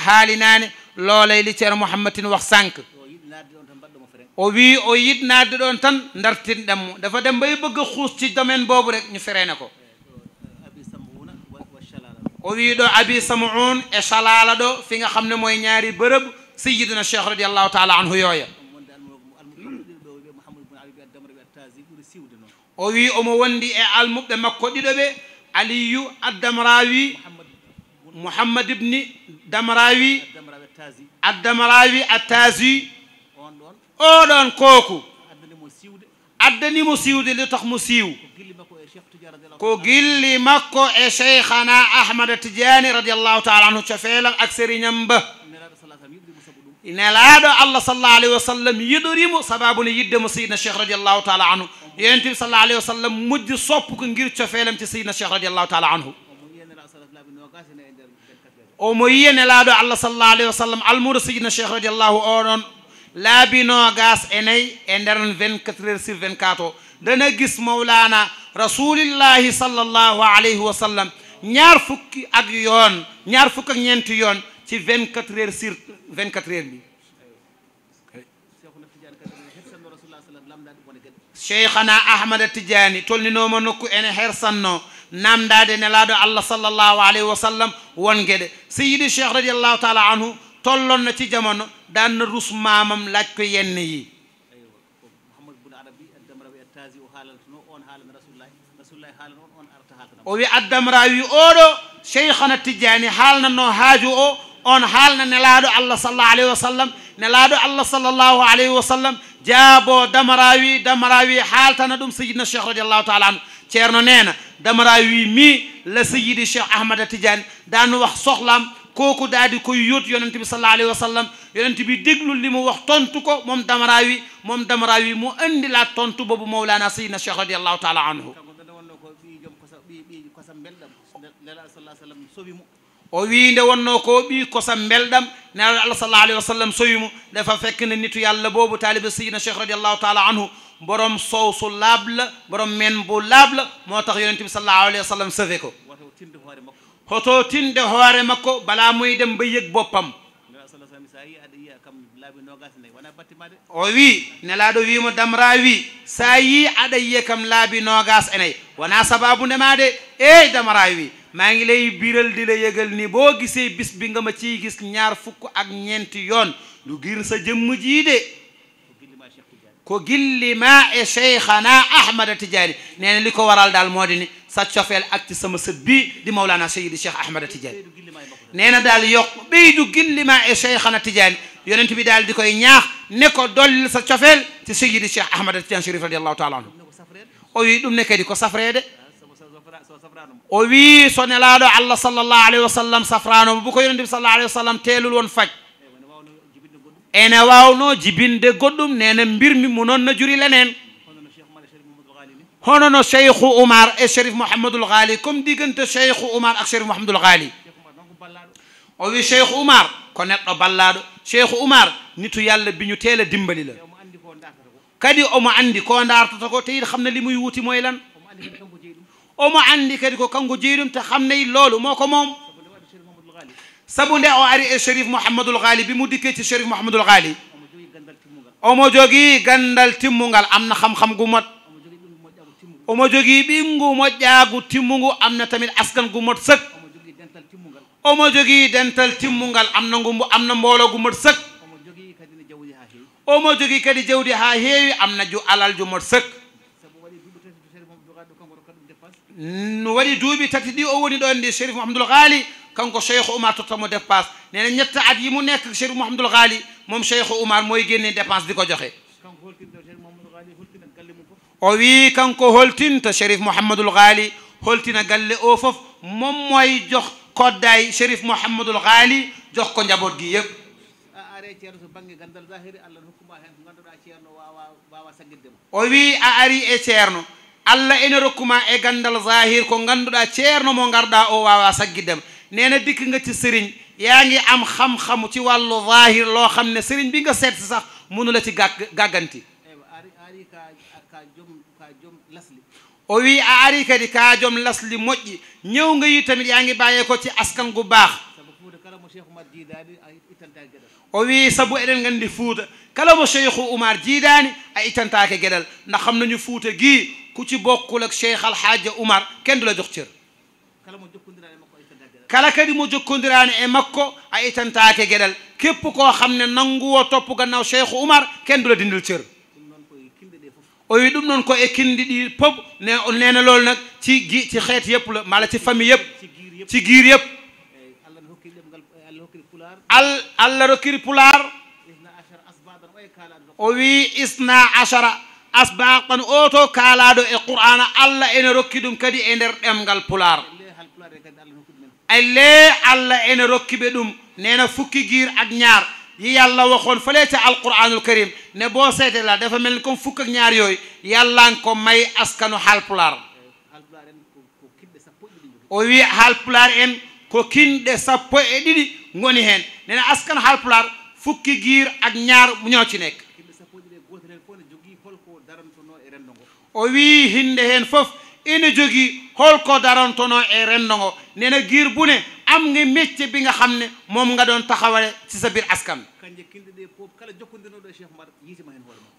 حالناني لولاي لي تيرا محمد واخ سانك او وي او ييت ناد دون تان ندارتين دم دا فا دم باي بوج خوس تي دومين بوبو ريك ني فرينكو او وي دو ابي سمعون اشلالا دو فيغا خامني موي نياري بروب سيدنا الشيخ رضي الله تعالى عنه يويا او وي اومو وندي اي المبد إيه مكو ديدوبي علي الدمراوي محمد ابن دمراوي الدمراوي التازي او دون كوكو ادني مو سيود ادني مو سيود كو جيلي مكو اي شيخنا احمد تجاني رضي الله تعالى عنه شفيلا اكسري نمبه nelaaɗo allah sallah alayhi wa sallam yiɗorimo sababune yidde mo seydna cheikh radiallahu taala anhu yentiɓe sallah alayhi wa sallam mujji soppu ko ngir cofelam ci seydna cheikh radiallahu taala anhu omo yiya nelaaɗo allah sallah alayhi wa sallam almuɗo seydna cheikh radiallahu oɗon laabi nogas e nayyi e nder 24 heures sur 24 o dana gis mawlana rasulillahi sallallahu alayhi wa sallam ñaar fukki ak yoon ñaar fukk ak ñeenti yoon ci 24 heures sur 24 heures bi cheikhana ahmada tidiani tolninoma nokku ene hersanno namdade nelaɗo allah sallallahu alayhi wa sallam gede sayyidi cheikh radiallahu taala anhu na ci jamono dan rus mamam laj ko yenn yi o wi addamrawi oɗo cheikhana tidiani haalnanno haaju o on haalna nelado allah sallallahu alaihi wasallam nelado allah sallallahu alaihi wasallam jabo jaabo damarawi damarawi haaltana ɗum sayidna cheikh radiallahu taala anu ceerno neena damarawi mi la sayidi cheikh ahmad tidiane dan wax soxlaam kooku dadi di koy yóot yonent sallallahu alaihi wasallam yonentibi deglu limu wax tontu ko mom damarawi mom damarawi mu andi la tontu bobu mawlaana sayidna cheikh radiyallahu taala anhu ويين دون نوكو بي كوسام ملدم نال الله صلى الله عليه وسلم سويمو دا فا فك نيتو يالله بوبو طالب السيدنا الشيخ رضي الله تعالى عنه بروم صوص لابل بروم من بولابل موتاخ يونتي صلى الله عليه وسلم سفيكو خوتو تيند هواري مكو بلا موي دم بييك بوبام ويقول لك أنها تتحرك maa ngi lay biral di la yëgal ni boo gisee bis bi nga ma ciy gis ñaar fukk ak ñeenti yoon lu gir sa jëmm jii de ko gilli maa e cheikhana ahmada tidiani nee na li ko waral daal moo di ni sa cofeel ak ci sama sët bii di maolana seyidi cheikh ahmada tidiani nee na daal yokk ɓey du gilli maa e cheikhana tidiani yonent bi daal di koy ñaax ne ko dollil sa cofeel ci seyidi cheikh ahmada tidiani sharif radiallahu taala anhu o yi ɗum ne kadi ko safree de وي سنلالو على صلى الله عليه وسلم سفرانو بوكو يوندي صلى الله عليه وسلم تيلول ون فاج انا واونو جيبين دي غودوم نينا مبير مي مونون نجوري لنين هونو نو شيخ عمر الشريف محمد الغالي كوم ديغنت شيخ عمر اك شريف محمد الغالي وي شيخ عمر كونيت دو شيخ عمر نيتو يالا بيني تيلا ديمبالي لا كادي اوما اندي كو ندارتو تاكو تيي خامنا لي موي ووتي oma andi kadi ko kango jeerum ta xam ne loolu moo sabunde sabu o ari e chérif ghali bi mu dikkee ci chérif ghali omo jogi gandal timmungal amna ham xam-xam gu mot omo jogi bingu mo timmungu am amna tamit askan gu mot sëk omo jogi dental timungal amna na ngumbu am na mbooloo gu mot sëk omo jogi kadi jawdi ha heewi amna ju alal ju mot sëk نوالي دوبي تاتيدي اووني دو اندي شريف محمد الغالي كان كو شيخ عمر توتامو ديباس نينا نيت اد يمو نيك شريف محمد الغالي موم شيخ عمر موي генي ديباس ديكو جوخي او وي كان كو هولتين تا محمد الغالي هولتينا غالي اوفف موم موي جوخ شريف محمد الغالي جوخ كو نجابوت جي او وي اري اي allah ene rokuma e gandal zahir ko ganduda cierno mo garda o wawa sagidem neena dik nga ci sëriñ yaangi am xam-xamu ci walu zahir lo xamne ne bi nga seet sax munula ci gaganti o wi ari ka di ka jom lasli moji ñëw nga yi tamit yaangi baye ko ci askan gu bax o wi sabu eden ngandi fuuta kala mo cheikhu oumar jiidaani a itantaake gedal na xam nañu fuuta gi ku ci bokkul ak cheikh alhaaja oumar kenn du la jox cër kala kadi mo jokkondiraani e makko a itantaake geɗal képp koo xam ne nanguwo topp gannaaw cheikh oumar kenn du la dindil cër o wi ɗum noon ko e kindi ɗi pop ne nee na loolu nag ci gi ci xeet yëpp la mala ci famille yëpp ci giir yëpp al allah rokkiri pulaar o wi isna achara asbaqan o to kaalaɗo e qur'ana allah ene rokki ɗum kadi e nder ɗemgal pular elle allah ene rokki ɓe ɗum nena fukki guir ak ñaar yi yàlla waxoon fële ca alquranul karim ne boo seete la dafa mel ni comme fukk ak ñaar yooyu yàllaan ko may askanu haalpulaar o wi haalpulaar en ko kinɗe sappo e ɗiɗi ngoni heen nena askanu haalpulaar fukki giir ak ñaar ñoo ci nekk o wii hinde heen fof ina jogi holko darantono e renndo ngo nena giir bune am ngi mecce bi nga xam ne moom nga ɗon taxawale sisabir askan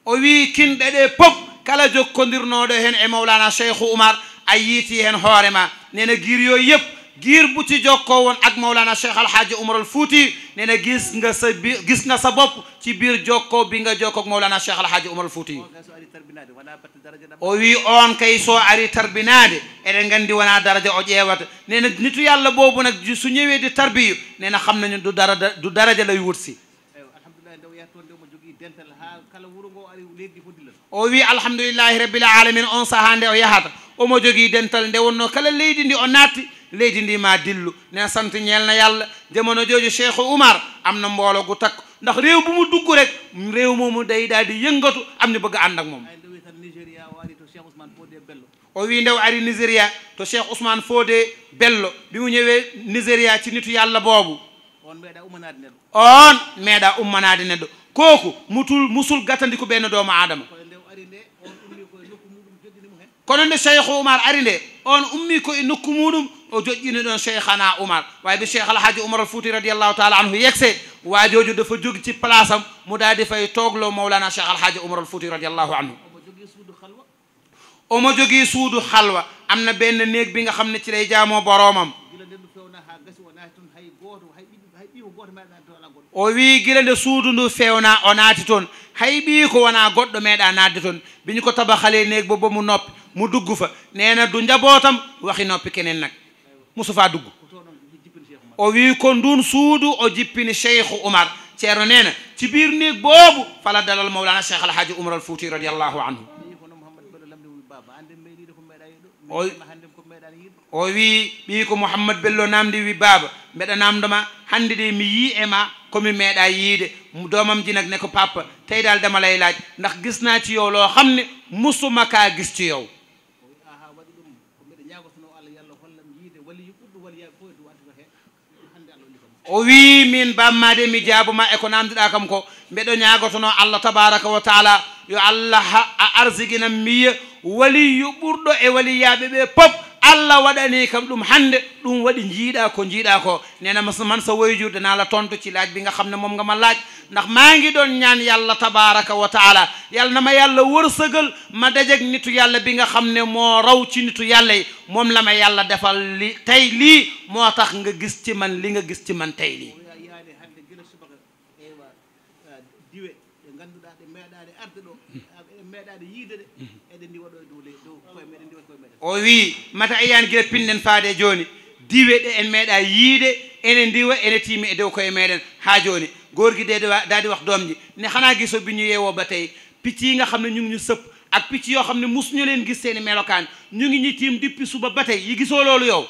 o wii kinɗe ɗe pop kala jokkondirnoɗo heen e mawlana cheikhu oumar a yiiti heen hoore ma nena giir yo yëpp giir bucci jokkoo woon ak maolana cheikh alhaji omaral fouti nena gis nga sa bi gis nga sa bopp ci biir jokkoo bi nga jokkoog maolana cheikh alhaji omaral fouti o wi oon kay soo ari tarbinaade eɗen nganndi wonaa daraja o ƴeewata nena nitu yàlla boobu nag su ñëwee di tarbiyu nena xam nañu du dara du daraja lay wut si o wi alhamdulilahi rabil alamin on sahaa nde o yahata omo jogii dental nde wonno kala leydi ndi o naatti leydi ndi ma dillu ne sant ñeel na yàlla jamono jooju cheikhu umar am na mboolo gu takk ndax réew bu mu dugg rek réew moomu day daal di yëngatu am ñu bëgg ànd ak moom o wii ndew ari nigéria to cheikh ousmane foo dee bello bi mu ñëwee nigéria ci nitu yàlla boobu on meeda ummanaadi neddo kooku mutul musul gàttandiku benn doomu aadama kono nde cheikhu umar ari nde on ummi koy nokku muɗum وجوجين دون شيخنا عمر واي بي شيخ الحاج عمر الفوتي رضي الله تعالى عنه يكسي واي جوجو دا فا جوغ سي بلاصام مو دادي فاي توغلو مولانا شيخ الحاج عمر الفوتي رضي الله عنه وما جوغي سودو خلوه وما جوغي سودو خلوه امنا بن نيك بيغا خامني تي لاي جامو بوروم o wi gilande suudu ndu feewna onati ton hay bi ko wana goddo meeda nadde ton biñ ko tabaxale neeg bo bo mu noppi mu duggu fa neena du njabotam waxi noppi kenen nak musu faa dugg o wii ko ndun suudu o jippini cheikhu oumar ceerno nee na ci biir néeg boobu fala dalal mawlana cheikh alhaji oumar al fouti radiallahu anhu o o wii ɓii ko mouhammad bello namdi wi baaba mbeɗa namdoma hannde de mi yii e ma komi meeɗa yiide doomam ji nag ne ko papa tey daal dama lay laaj ndax gis naa ci yow loo xam ne musuma kaa gis ci yow وي من بام مادي مجاب ما اكونام دي داكم كو ميدو نياغو تونو الله تبارك وتعالى يو الله ارزقنا مي ولي يبردو اي ولي يابي بي بوب allah waɗani kam ɗum hannde ɗum waɗi njiiɗa ko njiiɗa ko nena musulman so woyjurde naala tonto cilaaj bi nga xam ne moom ngama laaj ndax maa ngi ɗoon ñaan yàlla tabaraka wa taala yàlla nama yàlla wërsëgal ma dajeg nitu yàlla bi nga xam ne moo raw ci nitu yàlla yi moom la ma yàlla defal li tey lii moo tax nga gis ci man li nga gis ci man tey lii o wii mata eyani gila pinnen faade e jooni diwe ɗe en meeɗa yiide ene ndiwa ene tiimi e dow koye meɗen haa jooni gorgui de daadi wax domji ne xana gi so biñu yewo ba tey picci yi nga xam ne ñu ngi ñu sëpp ak picc yoo xam ne musuñu leen gis seeni melokaan ñu ngi ñu tiim dippi suba ba tey yi gisoo loolu yow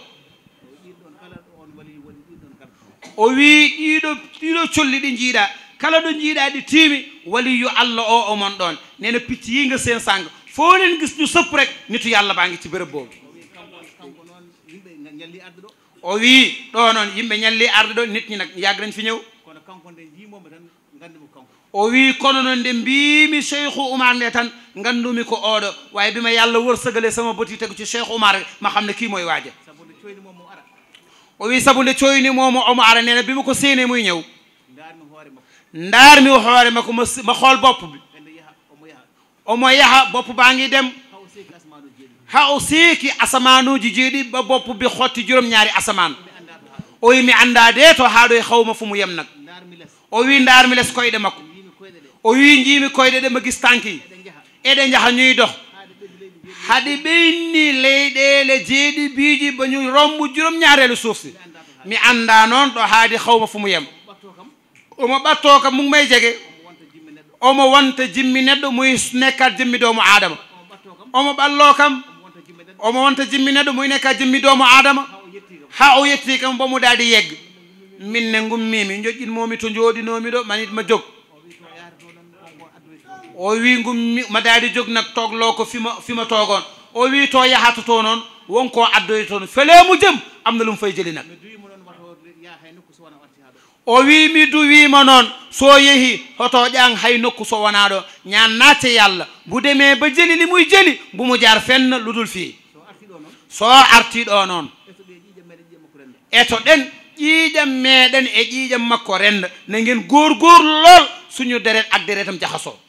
o wii ɗiiɗo ɗiiɗo colli ɗi njiiɗa kala ɗo njiiɗa ɗi tiimi waliyu allah o o mon ɗon nena picc yi nga seen sàng foo leen gis ñu sëpp rek nitu yàlla baa ngi ci bërëb boobu o wi ɗoo noon yimɓe ñalli arde ɗo nit ñi nag yàgg nañ fi ñëw o wi kono noon nde mbiimi cheikhu oumar nde tan nganndumi ko oo ɗo waaye bi ma yàlla wërsëgalee sama bëti tegu ci cheikhu oumar rek ma xam ne kii mooy waaje o wi sabu nde cooyni moomu omo ara nee na bi ma ko séenee muy ñëw ndaar mi hoore ma ko ma xool bopp bi omo yaha bopp dem ha o asamanu asamanuji jeeɗiɗi ɓa bi xoti jurom ñaari asaman o yimi mi de to haa ɗo e hawma fo mu yem nag o wi mi les koyɗe mako o wi jiimi koyɗe ɗe ma gis tanki eɗe njaha ñuy dox haɗi ɓeyni leyɗele jeeɗi biiji bañu rombu jurom ñaareelu suuf mi anda non do haadi xawma fo mu yem omo ɓatto kam mu may jégué omo wonta jimmi neɗɗo moy nekka jimmi doomu adama omo ɓallo kam omo wonta jimmi neɗɗo moy nekka jimmi doomu adama ha o yetti kam bomu daadi yegg min ne ngummimi joƴƴinmomi to jooɗinomi ɗo manitma jog o wi ngummi ma daadi jog nag toglo ko fima fima togon o wi to yahata to noon wonko addoye toon felemu jëm am na lum fay jeli nag o wimi du wima noon so yehi hoto ƴan hay nokku so wona ɗo ñannate yallah mbo deme ba jeli ni muy jeli mbomo jar fenn ludul fii so arti ɗo noon eto e ɗen ƴiiƴam meɗen e ƴiiƴam makko renda na ngen gorgorlol suñu deret ak deretam jahaso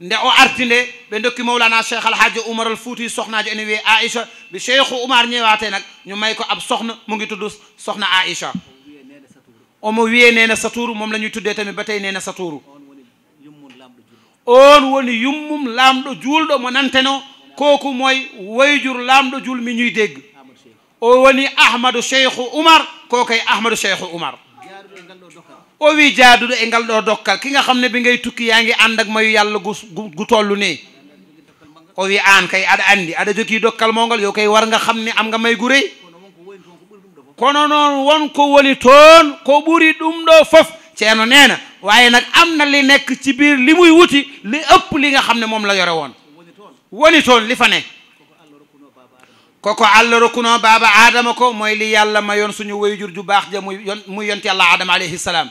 nde o arti nde ɓe dokki mawlana cheikh alhaji oumar al fouti sohnajo ene wiye aicha ɓe cheikhu oumar ñewate nag ñu may ko ab sohna mo ngi tudd sohna aicha omo wiye nena satouru mom la ñuy tuddee tamit ba tey nena satouru on woni yummum lamɗo juulɗo mo nanteno koku moy waydjur lamɗo juul mi ñuy dégg o woni ahmadou cheikhu oumar ko kay ahmadou cheikhu oumar o wi jaaduɗo e ngal ɗo e dokkal ki nga xam ne ɓe ngay tukki yaa ngi ànd ak mayu yàlla gu gu tollu ni o wi aan kay aɗa anndi aɗa jogii dokkal moo ngal yow kay war nga xam ne am nga may gu réy kono non won ko woli ton ko buri dum do fof ceno neena waye nak amna li nek ci bir li muy wuti li ëpp li nga xamne mom la yore won woni ton li fa ne koko allah rukuno baba adam ko moy li yàlla mayon suñu wayjur ju bax ja muy muy yonti allah adam alayhi salam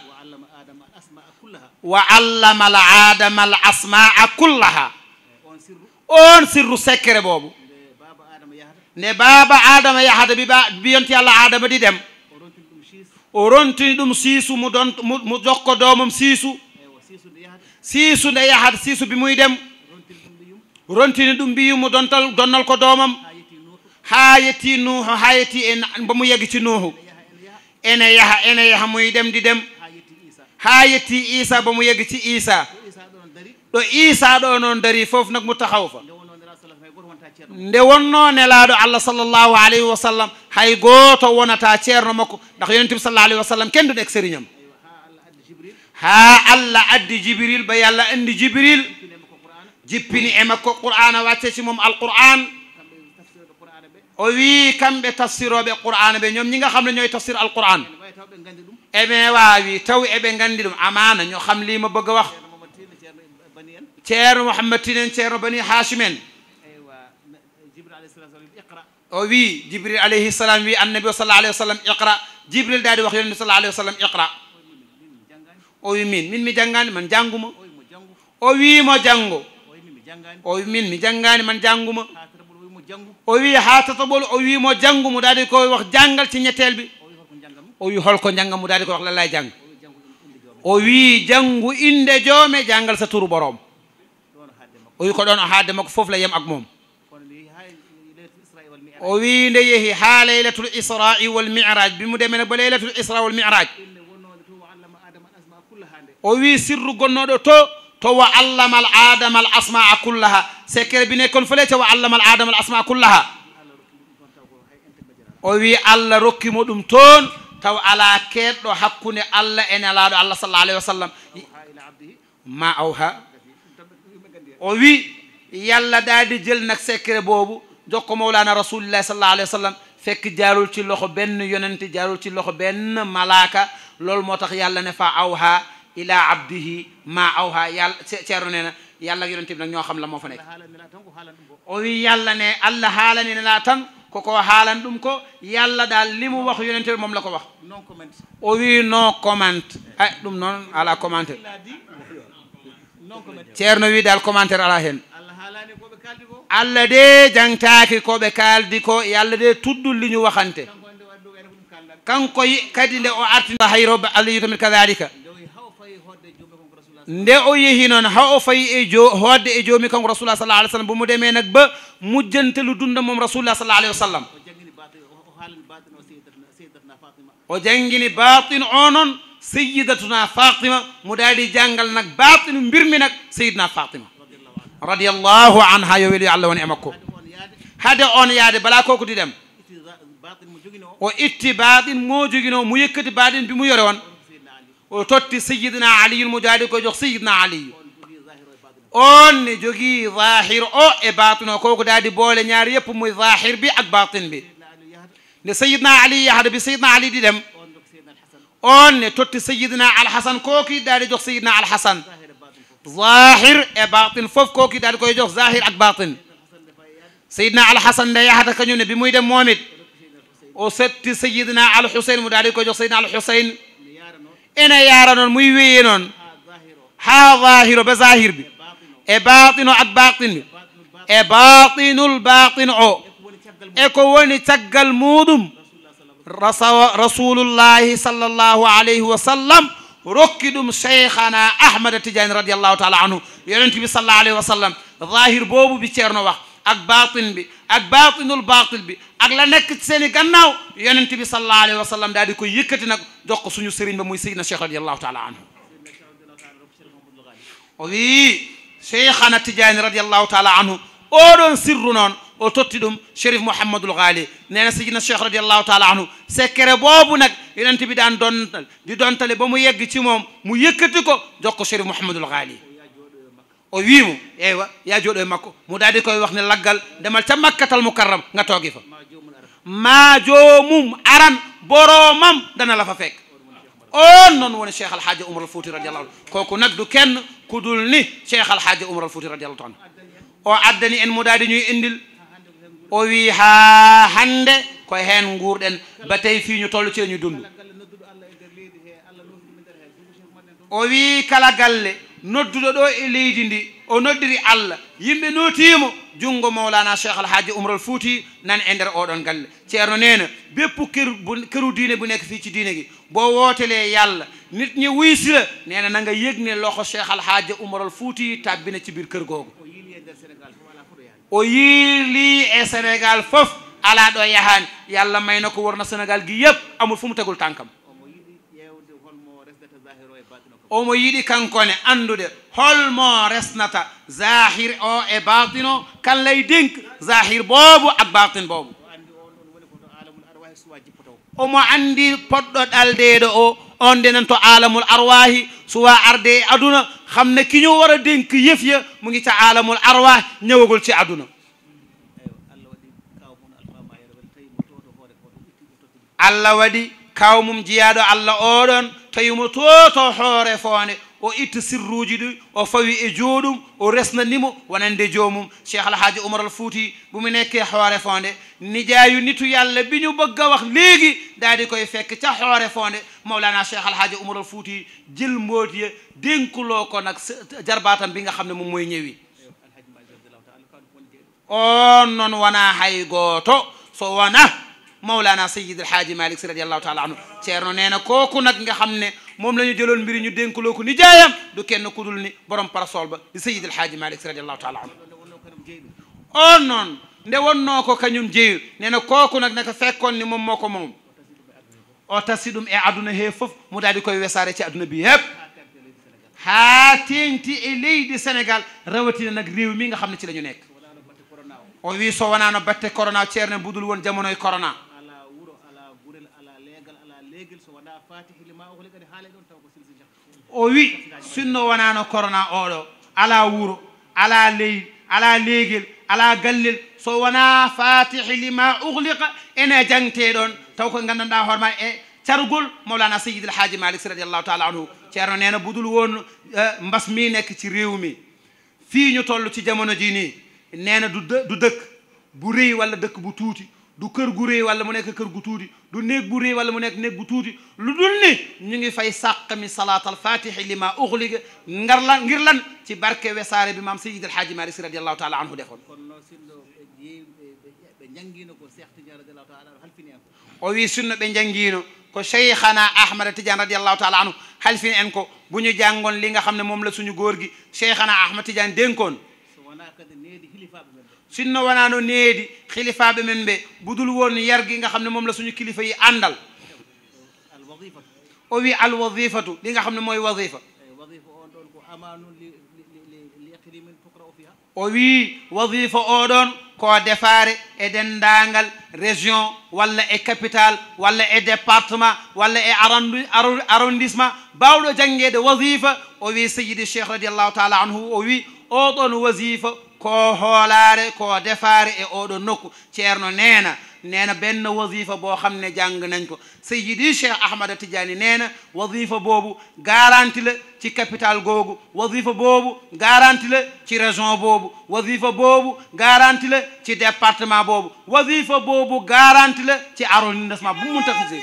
wa allama al adam al asmaa kullaha on sirru secret bobu nde baaba adama yahata biba biyonti allah adama ɗi dem o rontini ɗum siisu mu don mu jokko domum siisu siisu nde yahata siisu bi muy dem rontini ɗum mbiyu mu dontal donnal ko domam ha yetti nuuhu ha yetti e bamu yegiti nuuhu ene yaha ene yaha muy dem ɗi dem ha yetti isa bamu yegiti isa ɗo isa ɗo noon dari foof nak mu taxaw fa nde wonno nelaaɗo allah sallllahu alayhi wa sallam hay gooto wonata ceerno makko ndax yonente bi sallah alayhi wa sallam kenduɗo ek sérigne am haa allah addi jibril ba yallah anndi jibril jippini e makko qur'ana wacce ci moom alqur'an o wii kamɓe tafsiroɓe qur'ana ɓe ñoom ñi nga xam ne ñooy tafsir alqur'an eɓe waawi taw eɓe nganndi ɗum amana ño xam lii ma bëgg a wax ceerno mouhammad tin en ceerno bani hachim en o wii jibril alayhi salam wii annabi o sallah alayhi wa sallam iqra jibril daadi wax yonni sallah alayhi wa sallam iqra o wi min min mi janngaani man jannguma o wiimo janngo o wi min mi janngaani man jannguma o wii haa tataɓol o wiimo janngu mu daadi ko wax janngal si ñetteel bi o wi holko jannga mu daadi ko wax lalaa jang o wii janngu innde joome janngal sa turu boroom o wi ko ɗoon o haadde makko fof la yem ak moom وليه حال ليلة الإسراء والمعراج بمدمنة بليلة الإسراء والمعراج وليه سر قنود تو تو علم الآدم الأسماء كلها سكر بنيكون فليت وعلم الآدم الأسماء كلها وليه الله ركي مدوم تون تو على كير دو الله إن الله الله صلى الله عليه وسلم ما أوها وليه يلا دادي جل نك سكر بوبو jox ko mawlaana rasulillah sallallahu alayhi wa sallam fekk jaarul ci loxo benn yonent jaarul ci loxo benn malaaka loolu moo tax yàlla ne fa awha ila abdihi ma awha yàlla ceeru nee na yàlla ak yonent bi nag ñoo xam la moo fa nekk o wi yàlla ne allah haalani ne laa tan ko ko haalan ɗum ko yàlla daal li mu wax yonent bi moom la ko wax o wi no comment ay ɗum noon ala commentaire ceerno wi daal commentaire ala heen allah de jangtaaki ko ɓe kaaldi ko e allah de tuddulli ñu waxante kanko kadi nde o artino hay robe allah yi tamin kadalika nde o yehi noon ha o fayi e jo hoodde e joomi kanko rasulullah sallah alih w sallam bo mu deme nag ba mujjantelu dunda moom rasulullah sallah alih wa sallam o jangini batine o noon seyidatuna fatima mu daadi jangal nag batine mbirmi nag seyidna fatima رضي الله عنها يولي الله ونعمكو هذا اون ياد بلا كوكو ديدم و اتباد موجوغينو مو يكتي بادين بي مو يورون و توتي سيدنا علي المجاهد كو جوخ سيدنا علي اون ني جوغي ظاهر او اباتنو كوكو دادي بول نياار ييب مو ظاهر بي اك باطن بي ني سيدنا علي يحد بي سيدنا علي ديدم اون ني توتي سيدنا الحسن كوكي دادي جوخ سيدنا الحسن zahir e batin foof kooki daal di koy jox zahir ak batin sayidna alxasan da yaxata ka ñu ne bi muy dem moom it o setti sayidna alxusayn mu daal di koy jox sayidna alxusayn ene yaara noon muy wéyee noon haa zahiro ba zahir bi e batin o ak batin bi e batinul batin o e ko woni caggal muɗum rasulllahi sallllahu alayhi wa sallam rokki ɗum cheikhana ahmada tidiane radiallahu taala anhu yonent bi sallallahu alayhi wa sallam zahir boobu bi ceerno wax ak batin bi ak batinul batil bi ak la nekk ci seen i gannaaw yonent bi sallallahu alayhi wa sallam daal di koy yëkkati nag jox ko suñu sëriñ ba muy seydina cheikh radiallahu taala anhu oui cheikhana tidiane radiallahu taala anhu oɗon sirru noon o totti ɗum chérif mouhamadoul haali nee na sidina cheikh radiallahu taala anhu secret boobu nag yonent bi daan dontal di dontale ba mu yegg ci moom mu yëkkati ko jox ko chérif mouhamadoul haali o wiimo eywa yaa jooɗo e makko mu daal di koy wax ne laggal demal ca makkatal mukarram nga toogi fa maa joomum aran boroomam dana la fa fekk on noon woni cheikh alhaaji umar al fouti radiallahu kooku nag du kenn ku dul ni cheikh alhaaji umar al fouti radiallahu taala o addani en mu daal di ñuy indil o wi ha hande ko hen gurɗen batay fiñu tollo ceñu dundu o wi kala galle nodduɗo ɗo e leydi ndi o noddiri allah yimɓe notimo junngo mawlana cheikh alhaji umrol fouti nan e nder oɗon galle ceerno nena bépp kkeru diine bu nekk fiici diine gi bo wootele yallah nit ñi wuysila nena nanga yëg ne loxo cheikh alhaji umrol fouti tabbina ci biir kër googo o yiili e sénégal fof alaa ɗo yahani yalla mayno ko worno sénégal gi yëpp amul fu tegul tànkam omo yiɗi kankone andude holmo resnata zahir o e batin o kan lay dénk zahir boobu ak batin boobu omo andi poɗɗo ɗaldeɗo o on denen to alamul arwahi suwa arde aduna xam ne ki ñu war a dénk yëf ya mu ngi ca alamul arwah ñëwagul ci aduna allah wadi kaw jiyado allah odon tawimo toto hore fone o itta sirruji ɗi o fawi e jooɗum o resnanimo wonande joomum cheikh alhaji oumar al fouti ɓumi nekke hoore fonde nijaayu nitu yalla biñu bëgga wax léegi daadi koy fekk ca hoore fonde mawlana cheikh alhaji oumar al fouti jël mbootiya dénkuloo ko nag jarbaatam bi nga xam ne moom mooy ñëwi on noon wona hay gooto so wona Mawlana Sayyid El Hadji Malick Sy radiyallahu taala anhu Ceerno nee na kooku nag nga xam ne moom la ñu jëloon mbiri ñu dénkuloo ko ni jaayam du kenn ku dul ni borom parasol ba di Sayyid El Hadji Malick Sy radiyallahu taala anhu oh non nde wonnoo ko kañum jeeyu nee na kooku nag naka fekkoon ni moom moo ko moom o tasi ɗum e aduna hee fof mu daal di koy wesaare ci aduna bi yëpp haa teenti e leydi sénégal rawatina nag réew mi nga xam ne ci la ñu nekk o wii so wonaano batte corona ceerne budul woon jamonoy corona وي سنو ونانو كورونا اورو على وورو على لي على ليغل على غلل سو ونا فاتح لما اغلق انا جانتي دون تاو كو غاندا هورما اي تارغول مولانا سيد الحاج مالك رضي الله تعالى عنه تيارو نينا بودول وون مباس مي في ني تولو تي جامونو جي ني نينا دو ولا دك بو du keur gu reew wala mu nek keur gu tuti du néeg bu reew wala mu nek néeg bu tuti lu dul ni ñu ngi fay sàq mi salaatal fatihi li ma ngar la ngir lan ci barke wessare bi maam sayid alhaaji malik si radiyallahu taala anhu defoon o wi sunno be jangino ko cheikhana ahmad tidiane radiyallahu taala anhu halfin en ko buñu jangon li nga xamne mom la suñu gor gi cheikhana ahmad tidiane denkon sinno nedi needi be men be budul won yar gi nga xamne mom la suñu khalifa yi àndal o wi al wazifatu li nga xamne moy wazifa o wi wazifa don ko defare e denndaangal région wala e capital wala e département wala e arrondissement baawɗo janngeede wazifa o wi seyidi cheikh radiallahu taala anhu o wi don wazifa ko hoolaare ko defaare e oɗo nokku ceerno neena neena benn wasifa boo xam ne jàng nañ ko sayyidi cheikh ahmada tidiani neena wasifa boobu garanti la ci capital googu wasifa boobu garanti la ci région boobu wasifa boobu garanti la ci département boobu wasifa boobu garanti la ci arrondissement bu mu tafisee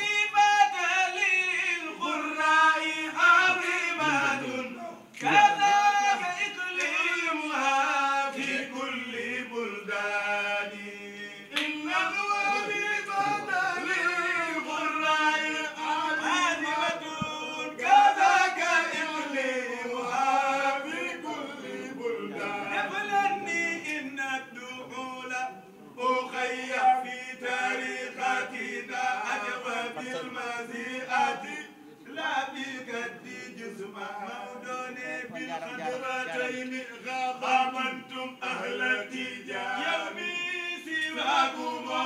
ko خمرتين غابنتم أهل تيجان يومي سواكما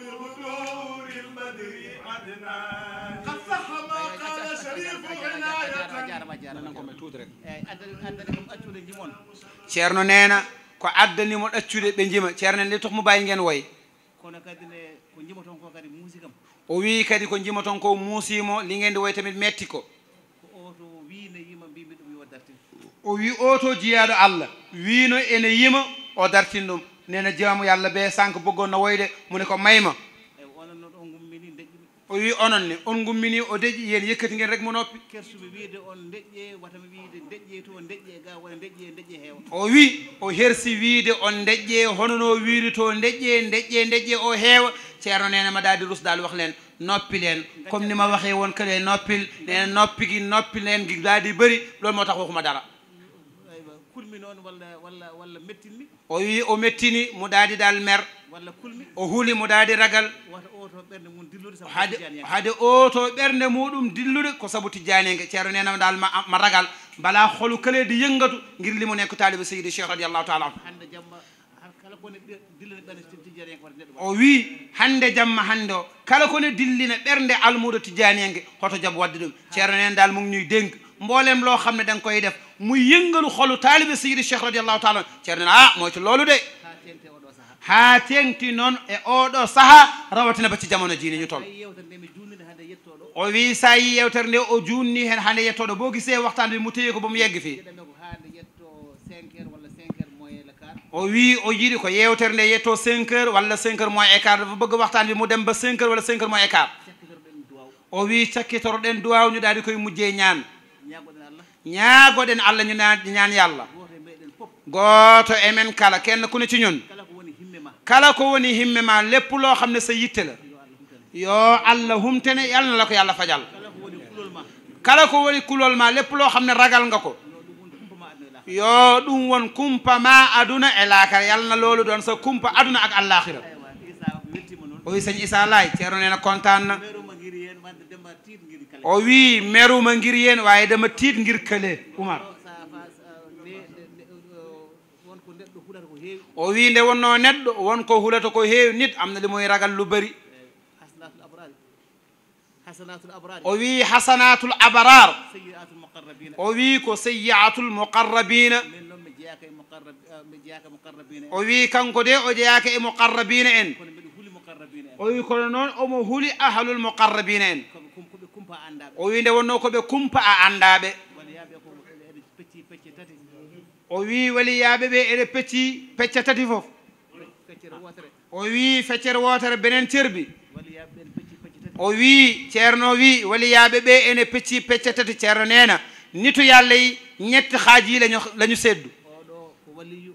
بغدور البدر عدنان قد صح ما قال شريف عناية ceerno neena ko addanimo ɗaccude ɓe jima ceerno nde tohmo mbawi nguen woy kono kadi ne ko jima ton ko kadi muusi kam o wi kadi ko jima ton ko muusimo liggende woy tamit metti ko o wi oto jiyaɗo allah wino ene yima o dartin ɗum nene jewamo yo allah be sanko boggo no woyde mune ko mayma o wi onon ne on gummini o deƴƴi yen yekkati gen rek mo noppi o wi o hersi wiide on deƴƴe honono wiide to deƴƴe deƴƴe deƴƴe o heewa ceerno nene madadi rusdal wax len noppil en comme ni ma waxe won kale noppil nene noppigi noppil en gi daadi bëri loolu moo tax waxuma dara kulmi noon walla walla walla mettinmi o wi o mettini mo daadi dal mer walla kulmi o huuli mo daadi ragal oto ɓernde mum dillude hade hade oto ɓernde muɗum dillude ko sabu tijjanige ceero nenama dal ma ragal mbala holo kaleedi yengatu girli mo nekko taliɓe seydi cheikh radiallahu taala anhu hande jamma kala kone dillina ɓernde tijjanige waɗaneɗo o wi hande jamma hande o kala kone dillina ɓernde almuɗo tijjanige hoto jaabu wadde ɗum ceero nen dal mum ñuy denk mbollem lo xamne dang koy def mu yëngalu xolu talib sayyid Cheikh radiyallahu taala cerna ah mo ci lolou de ha tenti non e odo saha rawatina ba ci jamono jini ñu toll o wi sayi yewter ne o junni hen hande yettoɗo bo gisee waxtan bi mu teye ko bomo yegg fi o wi o yiri ko yewter ne yetto 5 h wala 5 heures moins écart bu bëgg waxtan bi mu dem ba 5 h wala 5 heures moins écart o wi den duaw cakkitoroɗen duwawñuɗaadi koy mujjé ñaan ñaagoɗen allah ñu ñaan yàlla gooto emen e kala kenn ku ne ci ñun kala ko woni himme ma lépp loo xam ne sa yitte la yoo allah humtene yàlla na la ko yàlla fajal kala ko woni kulol ma lépp loo xam ne ragal nga ko yoo e ɗum won kumpa ma aduna e laakara yàlla na loolu doon sa kumpa aduna ak allaaxira oy sañ isa laay ceeroneena kontaan na o wi meruma ngir yéen waaye dama tiit ngir kële Umar o wi nde wonno neɗɗo wonko hulata ko heewi nit am na li muy ragal lu bari o wi hasanatul abrar o wi ko sayyiatul muqarrabina o wi kanko de o jeyaka e muqarrabina en o wi kono noon omo huuli ahlul muqarrabina en o wi nde wonno koɓe kumpa a anndaɓe o wi waliyaɓe ɓe ene pecci pecca tati fof o wi feccere wotere benen cerbi o wi ceerno wi waliyaɓe ɓe ene pecci pecca tati ceerno nena nitu yallayi ñetti haaji lañu lañu seddu oɗo ko waliyu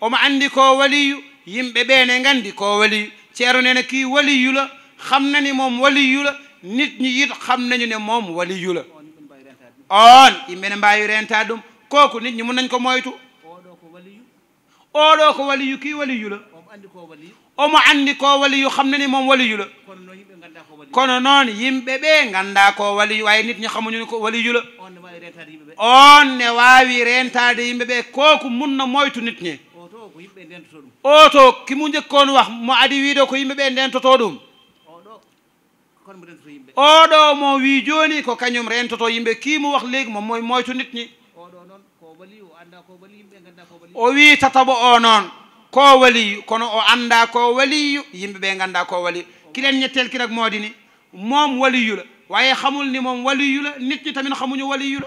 omo andi ko waliyu yimɓe ɓe ne gandi ko waliyu ceero nee ne kii waliyu la xam na ni moom waliyu la nit ñi it xam nañu ne moom waliyu la on yimbene mbaayu rentaat ɗum kooku nit ñi mun nañ ko moytu ooɗoo ko waliyu kii waliyu la omo andi koo waliyu xam na ni moom waliyu la kono noon yimɓe ɓee nganndaa koo waliyu waaye nit ñi xamuñu ko waliyu la on ne waawi rentaade yimɓe ɓee kooku mun na moytu nit ñi oto kimu jekkoon wax mo adi wiido ko yimɓe ɓe ndentoto ɗum oɗo mo wi joni ko kañum rentoto yimɓe kimo wax leygi mo moy moytu nit ni o wi tatabo o noon ko waliyu kono o anda ko waliyu yimɓe ɓe ganda ko waliyu kilen ñettel kinag moodi ni moom waliyula waye xamul ni moom waliyula nit ñi tamin xamuñu waliyula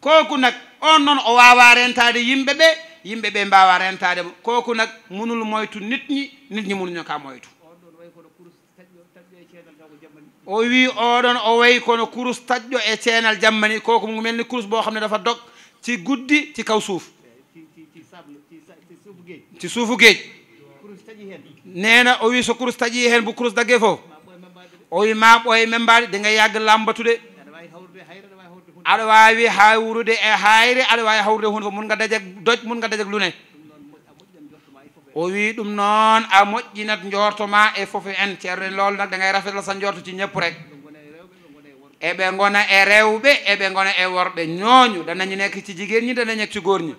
koku nag on noon o wawa rentade yimɓe ɓe yimɓe ɓe mbawa rentademo koko nak munul moytu nit ñi nit ñi munuño ka moytu o wi oɗon o wayi kono kurus taƴƴo e ceenal jammani koko mu melni kurus bo xam ne dafa dog ci guddi ci kaw suuf ci suufu géej neena o wi so kurus taƴi heen bu kurus daggee foof o wi ma ɓooye membaade di nga yagg lambatude aɗa wawi hawrude e hayre aɗa wawi hawrude hunde foof mun ga dajag doj mun ga dajag lune o wi ɗum noon a moƴƴinat jortoma e foof en ceerno en lool nak da gay rafetla sa jorto ci ñëpp rek eɓe gona e rewɓe eɓe gona e worɓe ñooñu danañi nekk ci jigéen ñi danañek ci góor ñi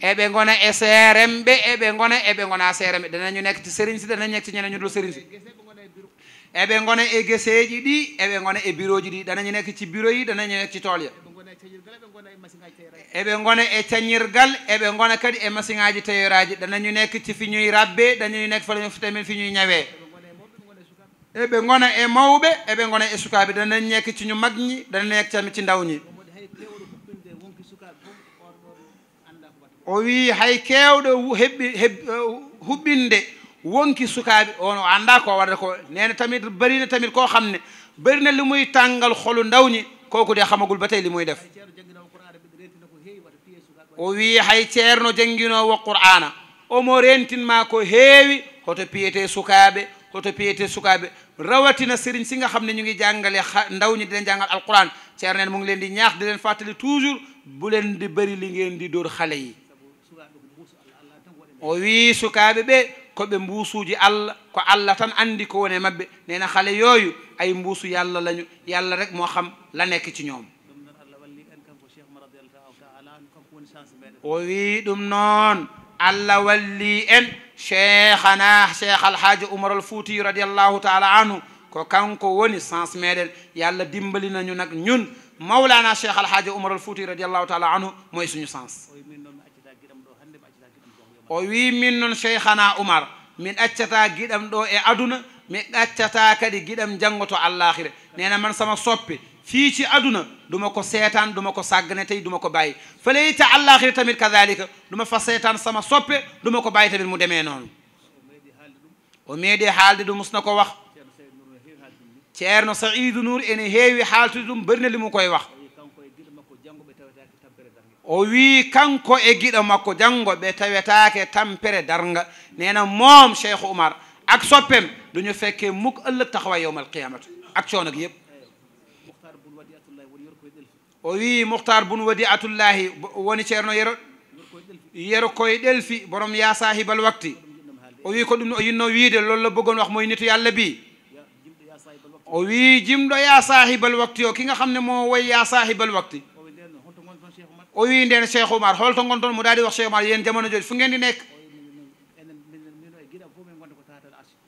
eɓe gona e seeremɓe eɓe gona eɓe gona seeremɓe danañu nekk ci sérigne si danañek ci ñene ñu dul sérigne si eɓe gona e geseji ɗi eɓe gona e biroji ɗi ɗanañeneke ci biroyi ɗanañeneke ci tolya eɓe gona e cañirgal eɓe gona e e kadi e masiŋaji tayoraji ɗanañu neke ci fiñuy rabbe ɗanañu neke fatamin fiñuy ñawe eɓe gona e mawɓe eɓe gona e sukaɓe ɗanañ neke ciñu magñi ɗananeke cami ci dawñi o wi hay kewɗo hebɓi heb huɓɓinde wonki sukaabi on anda ko warde ko neena tamit barina tamit ko xamne barina limuy tàngal xolu ndawni koku de xamagul batay limuy def o wi hay cierno jengino wa qur'ana o mo rentin ma ko heewi hoto piyete sukaaɓe hoto piyete sukaaɓe rawatina serign si nga xamne ñu ngi jàngale ndawni di len jàngal alquran cierne mo ngi len di ñaax di len fatali toujours bu len di bari li ngeen di dóor xale yi o wi sukaaɓe be ko ɓe mbuusuuji allah ko alla tan andi ko woni mabbe neena xale yoyu ay mbusu yàlla lañu yàlla rek mo xam la nek ci ñoom o wii ɗum walli en sheikhana sheikh alhaj umar al radiyallahu taala anhu ko kanko woni sans medel yàlla dimbali nañu nak ñun mawlana cheikh alhaaji oumar al fouti radiallahu taala anhu mooy suñu sens o wi min noon cheikhana oumar min accata giɗam ɗo e aduna mi accata kadi giɗam janngo to allahira nena man sama soppe fii ci aduna duma ko seetaan duma ko sàggane tey duma ko bàyyi fële ca allahira tamit kadalika duma fa seetaan sama soppe duma ko bàyyi tamit mu demee noonu o meeɗi haalde ɗum musna ko wax ceerno saidu nour ene heewi haaltude ɗum bari na li mu koy wax o wi kanko e giɗo makko janngo ɓe tawetaake tampere darnga neena moom cheikh oumar ak soppem duñu fekkee mukk ëllëg taxawaay yowmal qiyamatu ak coono gi yépp o wi muhtar bun wadi atullahi woni ceerno yero yero koye ɗelfi borom ya sahibal wakti o wi ko ɗum o yinno wiide loolu la bëggoon wax mooy nitu yàlla bi o wi jimɗo ya sahibal wakti o ki nga xam ne moo woy ya sahibal wakti o wi nden Cheikh Oumar holto gonton mo daal di wax Cheikh Oumar yéen jamono jooju fu ngeen di nekk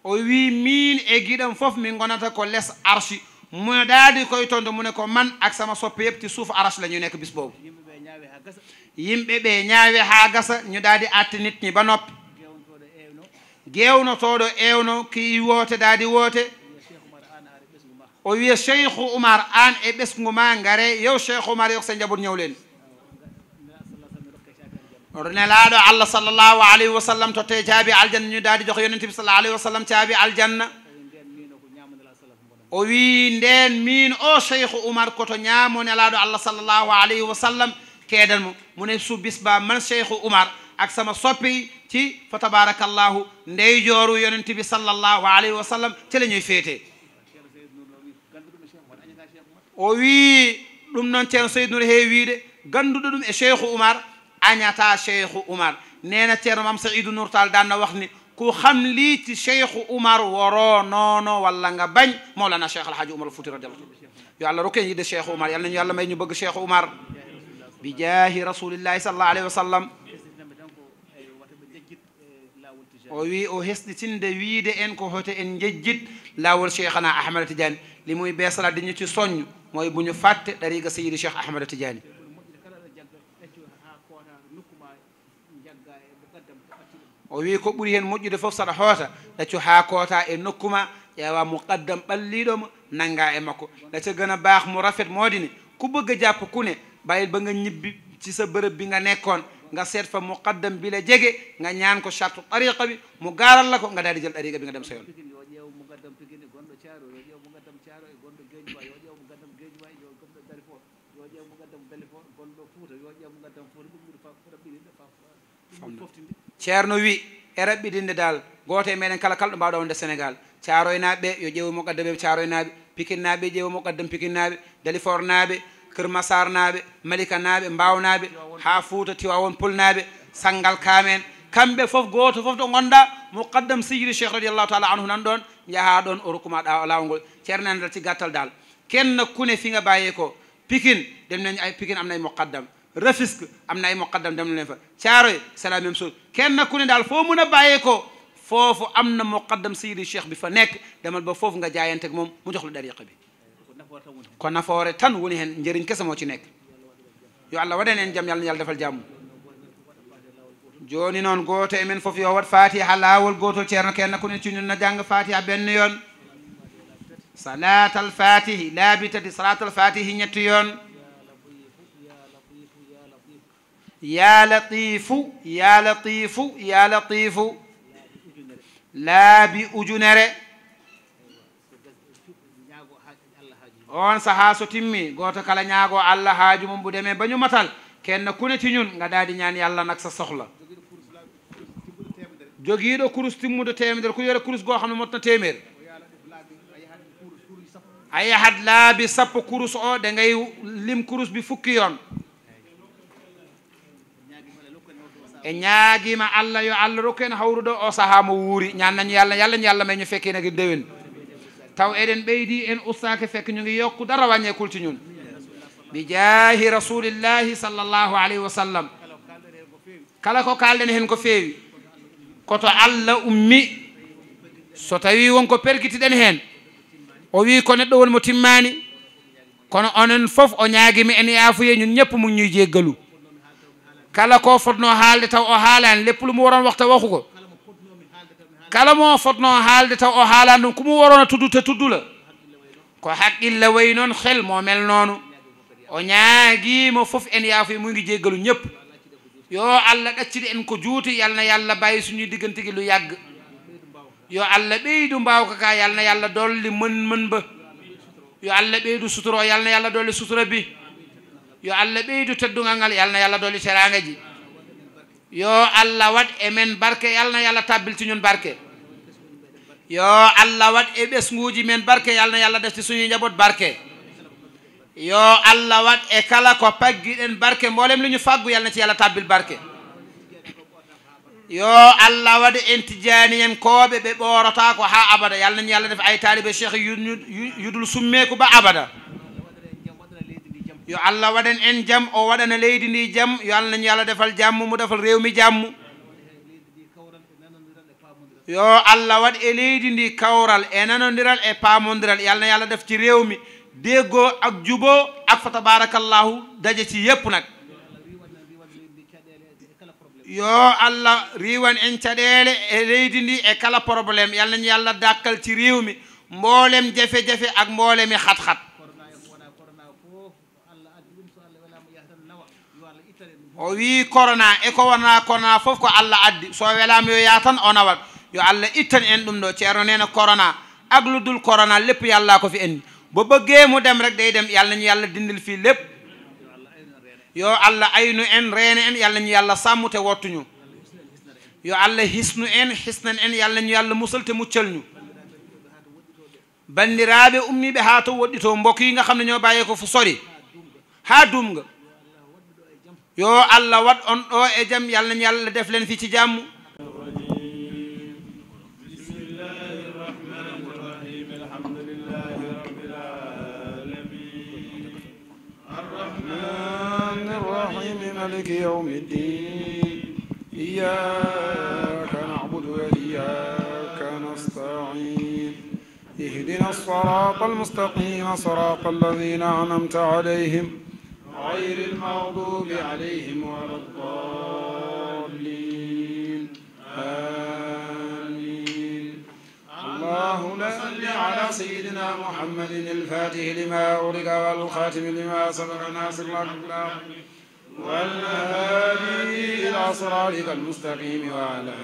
o wi miin e giɗam fof min gonata ko les arsi mu daal di koy tontu mu ne ko man ak sama soppe yëpp ci suuf aras la ñu nekk bis boobu yimɓe ɓe ñaawe haa gasa ñu daal di atti nit ñi ba noppi gewnotoɗo ewno ki woote daal di woote o wiya Cheikh Oumar an e ɓesgu ma ngare yow Cheikh Oumar yok sa njaboot ñëw leen oto ne laaɗo allah sallllahu alayhi wa sallam totte caabi aljanna ñu daadi jox yonente bi sallah alayhi wa sallam caabi aljanna o wii ndeen miin o cheikhu oumar koto ñaamo nelaaɗo allah sallllahu alayhi wa sallam keedan mo mu ne su bisba man cheikhu oumar ak sama soppi ci fa tabarakallahu ndey jooru yonente bi sallllahu alayhi wa sallam ci la ñuy féete o wii ɗum noon ceerno seydnour heewi wiide ganduɗo ɗum e cheikhu oumar añataa cheikhu Umar nee na Thierno Mame Seydou Nour Tall daan na wax ni ku xam lii ci cheikhu Umar waroo noono wala nga bañ Mawlana Cheikh Alhaji Umar Fouti radiyallahu anhu yàlla rokeen yi de cheikhu Umar yàlla nañu yàlla may ñu bëgg cheikhu Umar bi jaahi rasulillahi sallallahu alayhi wa sallam o wi o hesɗitinde wiide en ko hoto en jejjit laawol cheikhana ahmada tidiani li muy beesalaat di ñu ci soññ mooy bu ñu fàtte ɗariga seydi cheikh ahmada tidiani o wi ko ɓuri hen moƴƴude fof saɗa hoota ɗaccu ha koota e nokku ma ƴeewa muqaddam ɓalliɗoma nanga e makko ɗacca gana baax mo rafet moodine ku bëgg jàpp ku ne bàyyil ba nga ñibbi ci sa bërëb bi nga nekkoon nga seet fa muqaddam bi la jege nga ñaan ko charte tariqa bi mu gaaral la ko nga daal di jël tariqa bi nga dem sa yoon ceerno wi e raɓɓitinde dal gooto e meɗen kala kala ɗo mbawɗa wonde sénégal caroynaɓeɓe yo ƴeewu moqaddameɓe caroynaɓe pikinnaɓe ƴeewu moqaddam pikinnaɓe dalifor naɓe keur masar naɓe malika naɓe mbawnaɓe ha fouta tiwawon pulnaɓe sangal kamen kamɓe foof goto foof ɗo gonda moqaddam sijidi cheikh radiallahu taala anhu nan ɗon jaaha ɗon o rokkuma ɗa lawol ngol ceernanda ti gattal dal kenno kune figa baye ko pikin ɗemnen ay pikin amnay moqaddam Rufisque amna ay muqaddam dem len fa Thiaroye c'est la même chose kenn ku ne dal fo meuna baye ko fofu amna muqaddam Seydi Cheikh bi fa nek demal ba fofu nga ak mom mu jox la dariqa bi na nafoore tan woni hen njëriñ kessa mo ci nek yo allah waɗan jam yàlla yàlla defal jam joni non goto emen fofu yo wat fatiha lawol goto cerno kenn ku ne ci ñun na jàng fatiha benn yoon salatal fatihi laabitati salatal fatihi ñetti yoon yaa latifu yaa latifu yaa latifu laabi ujunere on saha so timmi goto kala ñaago allah haaju mum bu deme bañu matal kenne kuneti ñun nga daadi ñaan yallah nag sa sohla jogiiɗo kurus timmudo temedere ku yore kurus goo xam ne motna temer a yahat laabi sappo kurus o de ngay lim kurus bi fukki yoon e ñaagima allah yo allah rokku en hawrude o saaha mo wuuri ñannañu yallah yallah ñu allah may ñu fekki nagi dewen taw eɗen ɓeydi en ustake fekk ñu ngi yokku dara wañe kulti ñun bi jahi rasulillahi sall allahu aleyhi wa sallam kala ko kalɗen hen ko feewi koto allah ummi so tawi wonko perkitiɗen hen o wi ko neɗɗo wonmo timmani kono onen foof o ñaagimi en yaafuye ñun ñëpp mu ñuy jeggalu kala ko fotnoo haalde taw o haalaani lépp lu mu waroon wax te waxu ko kala mo fotnoo haalde taw o haalaani ɗum ko mu waroon a tuddu te tuddu la ko haqqilla way noon xel moo mel noonu o ñaagiima fof en yaafoy mu ngi jéggalu ñépp yo allah ɗaccide en ko juuti yal na yàlla bàyyi suñuy diggante gi lu yàgg yo allah ɓeydu mbaaw ka kaa yal na yàlla dolli mën mën ba yo allah ɓeydu suturoo yal na yàlla dolli sutura bi yo allah ɓeydu teddugal ngal yalna yallah doli serage ji yo allah wat emen barke yalna yallah tabbilti ñun barke yo allah wat e ɓesguji men barke yalna yallah defti suñu jabot barke yo allah wat e kala ko paggiɗen barke mbolem li ñu faggu yalna ci yallah tabbil barke yo allah wat en tijaniyen kooɓe ɓe ɓorota ko ha abada yalnan yallah def ay taliɓe cheikh yudul summeku ba abada yo allah waɗan en jam o waɗana leydi ndi jam yo allah yo allah defal jammu mu defal rewmi jammu yo allah waɗ e leydi ndi kawral e nanodiral e paamodiral yo allah yo allah def ci rewmi deggo ak jubo ak fa tabarakallahu daje ci yépp nag yo allah riwan en caɗele e leydi ndi e kala probléme yalla nañu yo allah dakkal ci rewmi mboolem jafe jafe ak mboolemi xat xat o wi korona eko wona korona fof ko allah addi so welama yo ya tan o nawat yo allah ittan en ɗum ɗo ceerno nena korona agludul korona lépp yalla ko fi enni bo bëggee mu dem rek day dem yàlla ñu yàlla dindil fii lépp yo allah aynu en reene en yàlla ñu yàlla sàmm te wottuñu yo allah hisnu en hisnan en yàlla ñu yàlla musal te muccal ñu bandiraɓe ummiɓe ha to woɗɗito mbokk yi nga xam ne ñoo bàyyee ko fu sori ha duum nga yo allah wat on ɗo e jam yalla allah def leen fi ci jàmm مالك يوم الدين إياك نعبد وإياك نستعين اهدنا الصراط المستقيم صراط الذين أنعمت عليهم غير المغضوب عليهم ولا الضالين آمين اللهم صل على سيدنا محمد الفاتح لما أغلق والخاتم لما سبق ناصر الله والهادي إلى صراطك المستقيم وعلى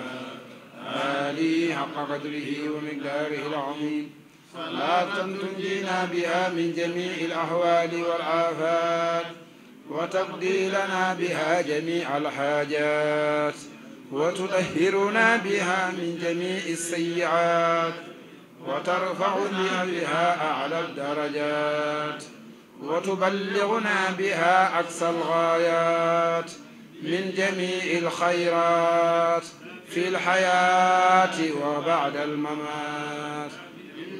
آله حق قدره ومقداره العظيم صلاة تنجينا بها من جميع الأحوال والآفات وتقضي لنا بها جميع الحاجات وتطهرنا بها من جميع السيئات وترفعنا بها أعلى الدرجات وتبلغنا بها أقصى الغايات من جميع الخيرات في الحياة وبعد الممات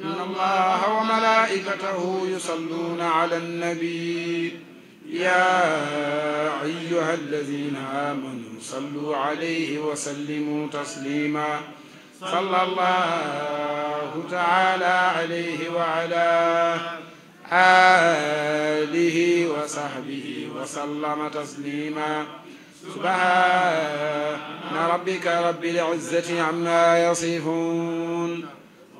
إن الله وملائكته يصلون على النبي يا أيها الذين آمنوا صلوا عليه وسلموا تسليما صلى الله تعالى عليه وعلى آله وصحبه وسلم تسليما سبحان ربك رب العزة عما يصفون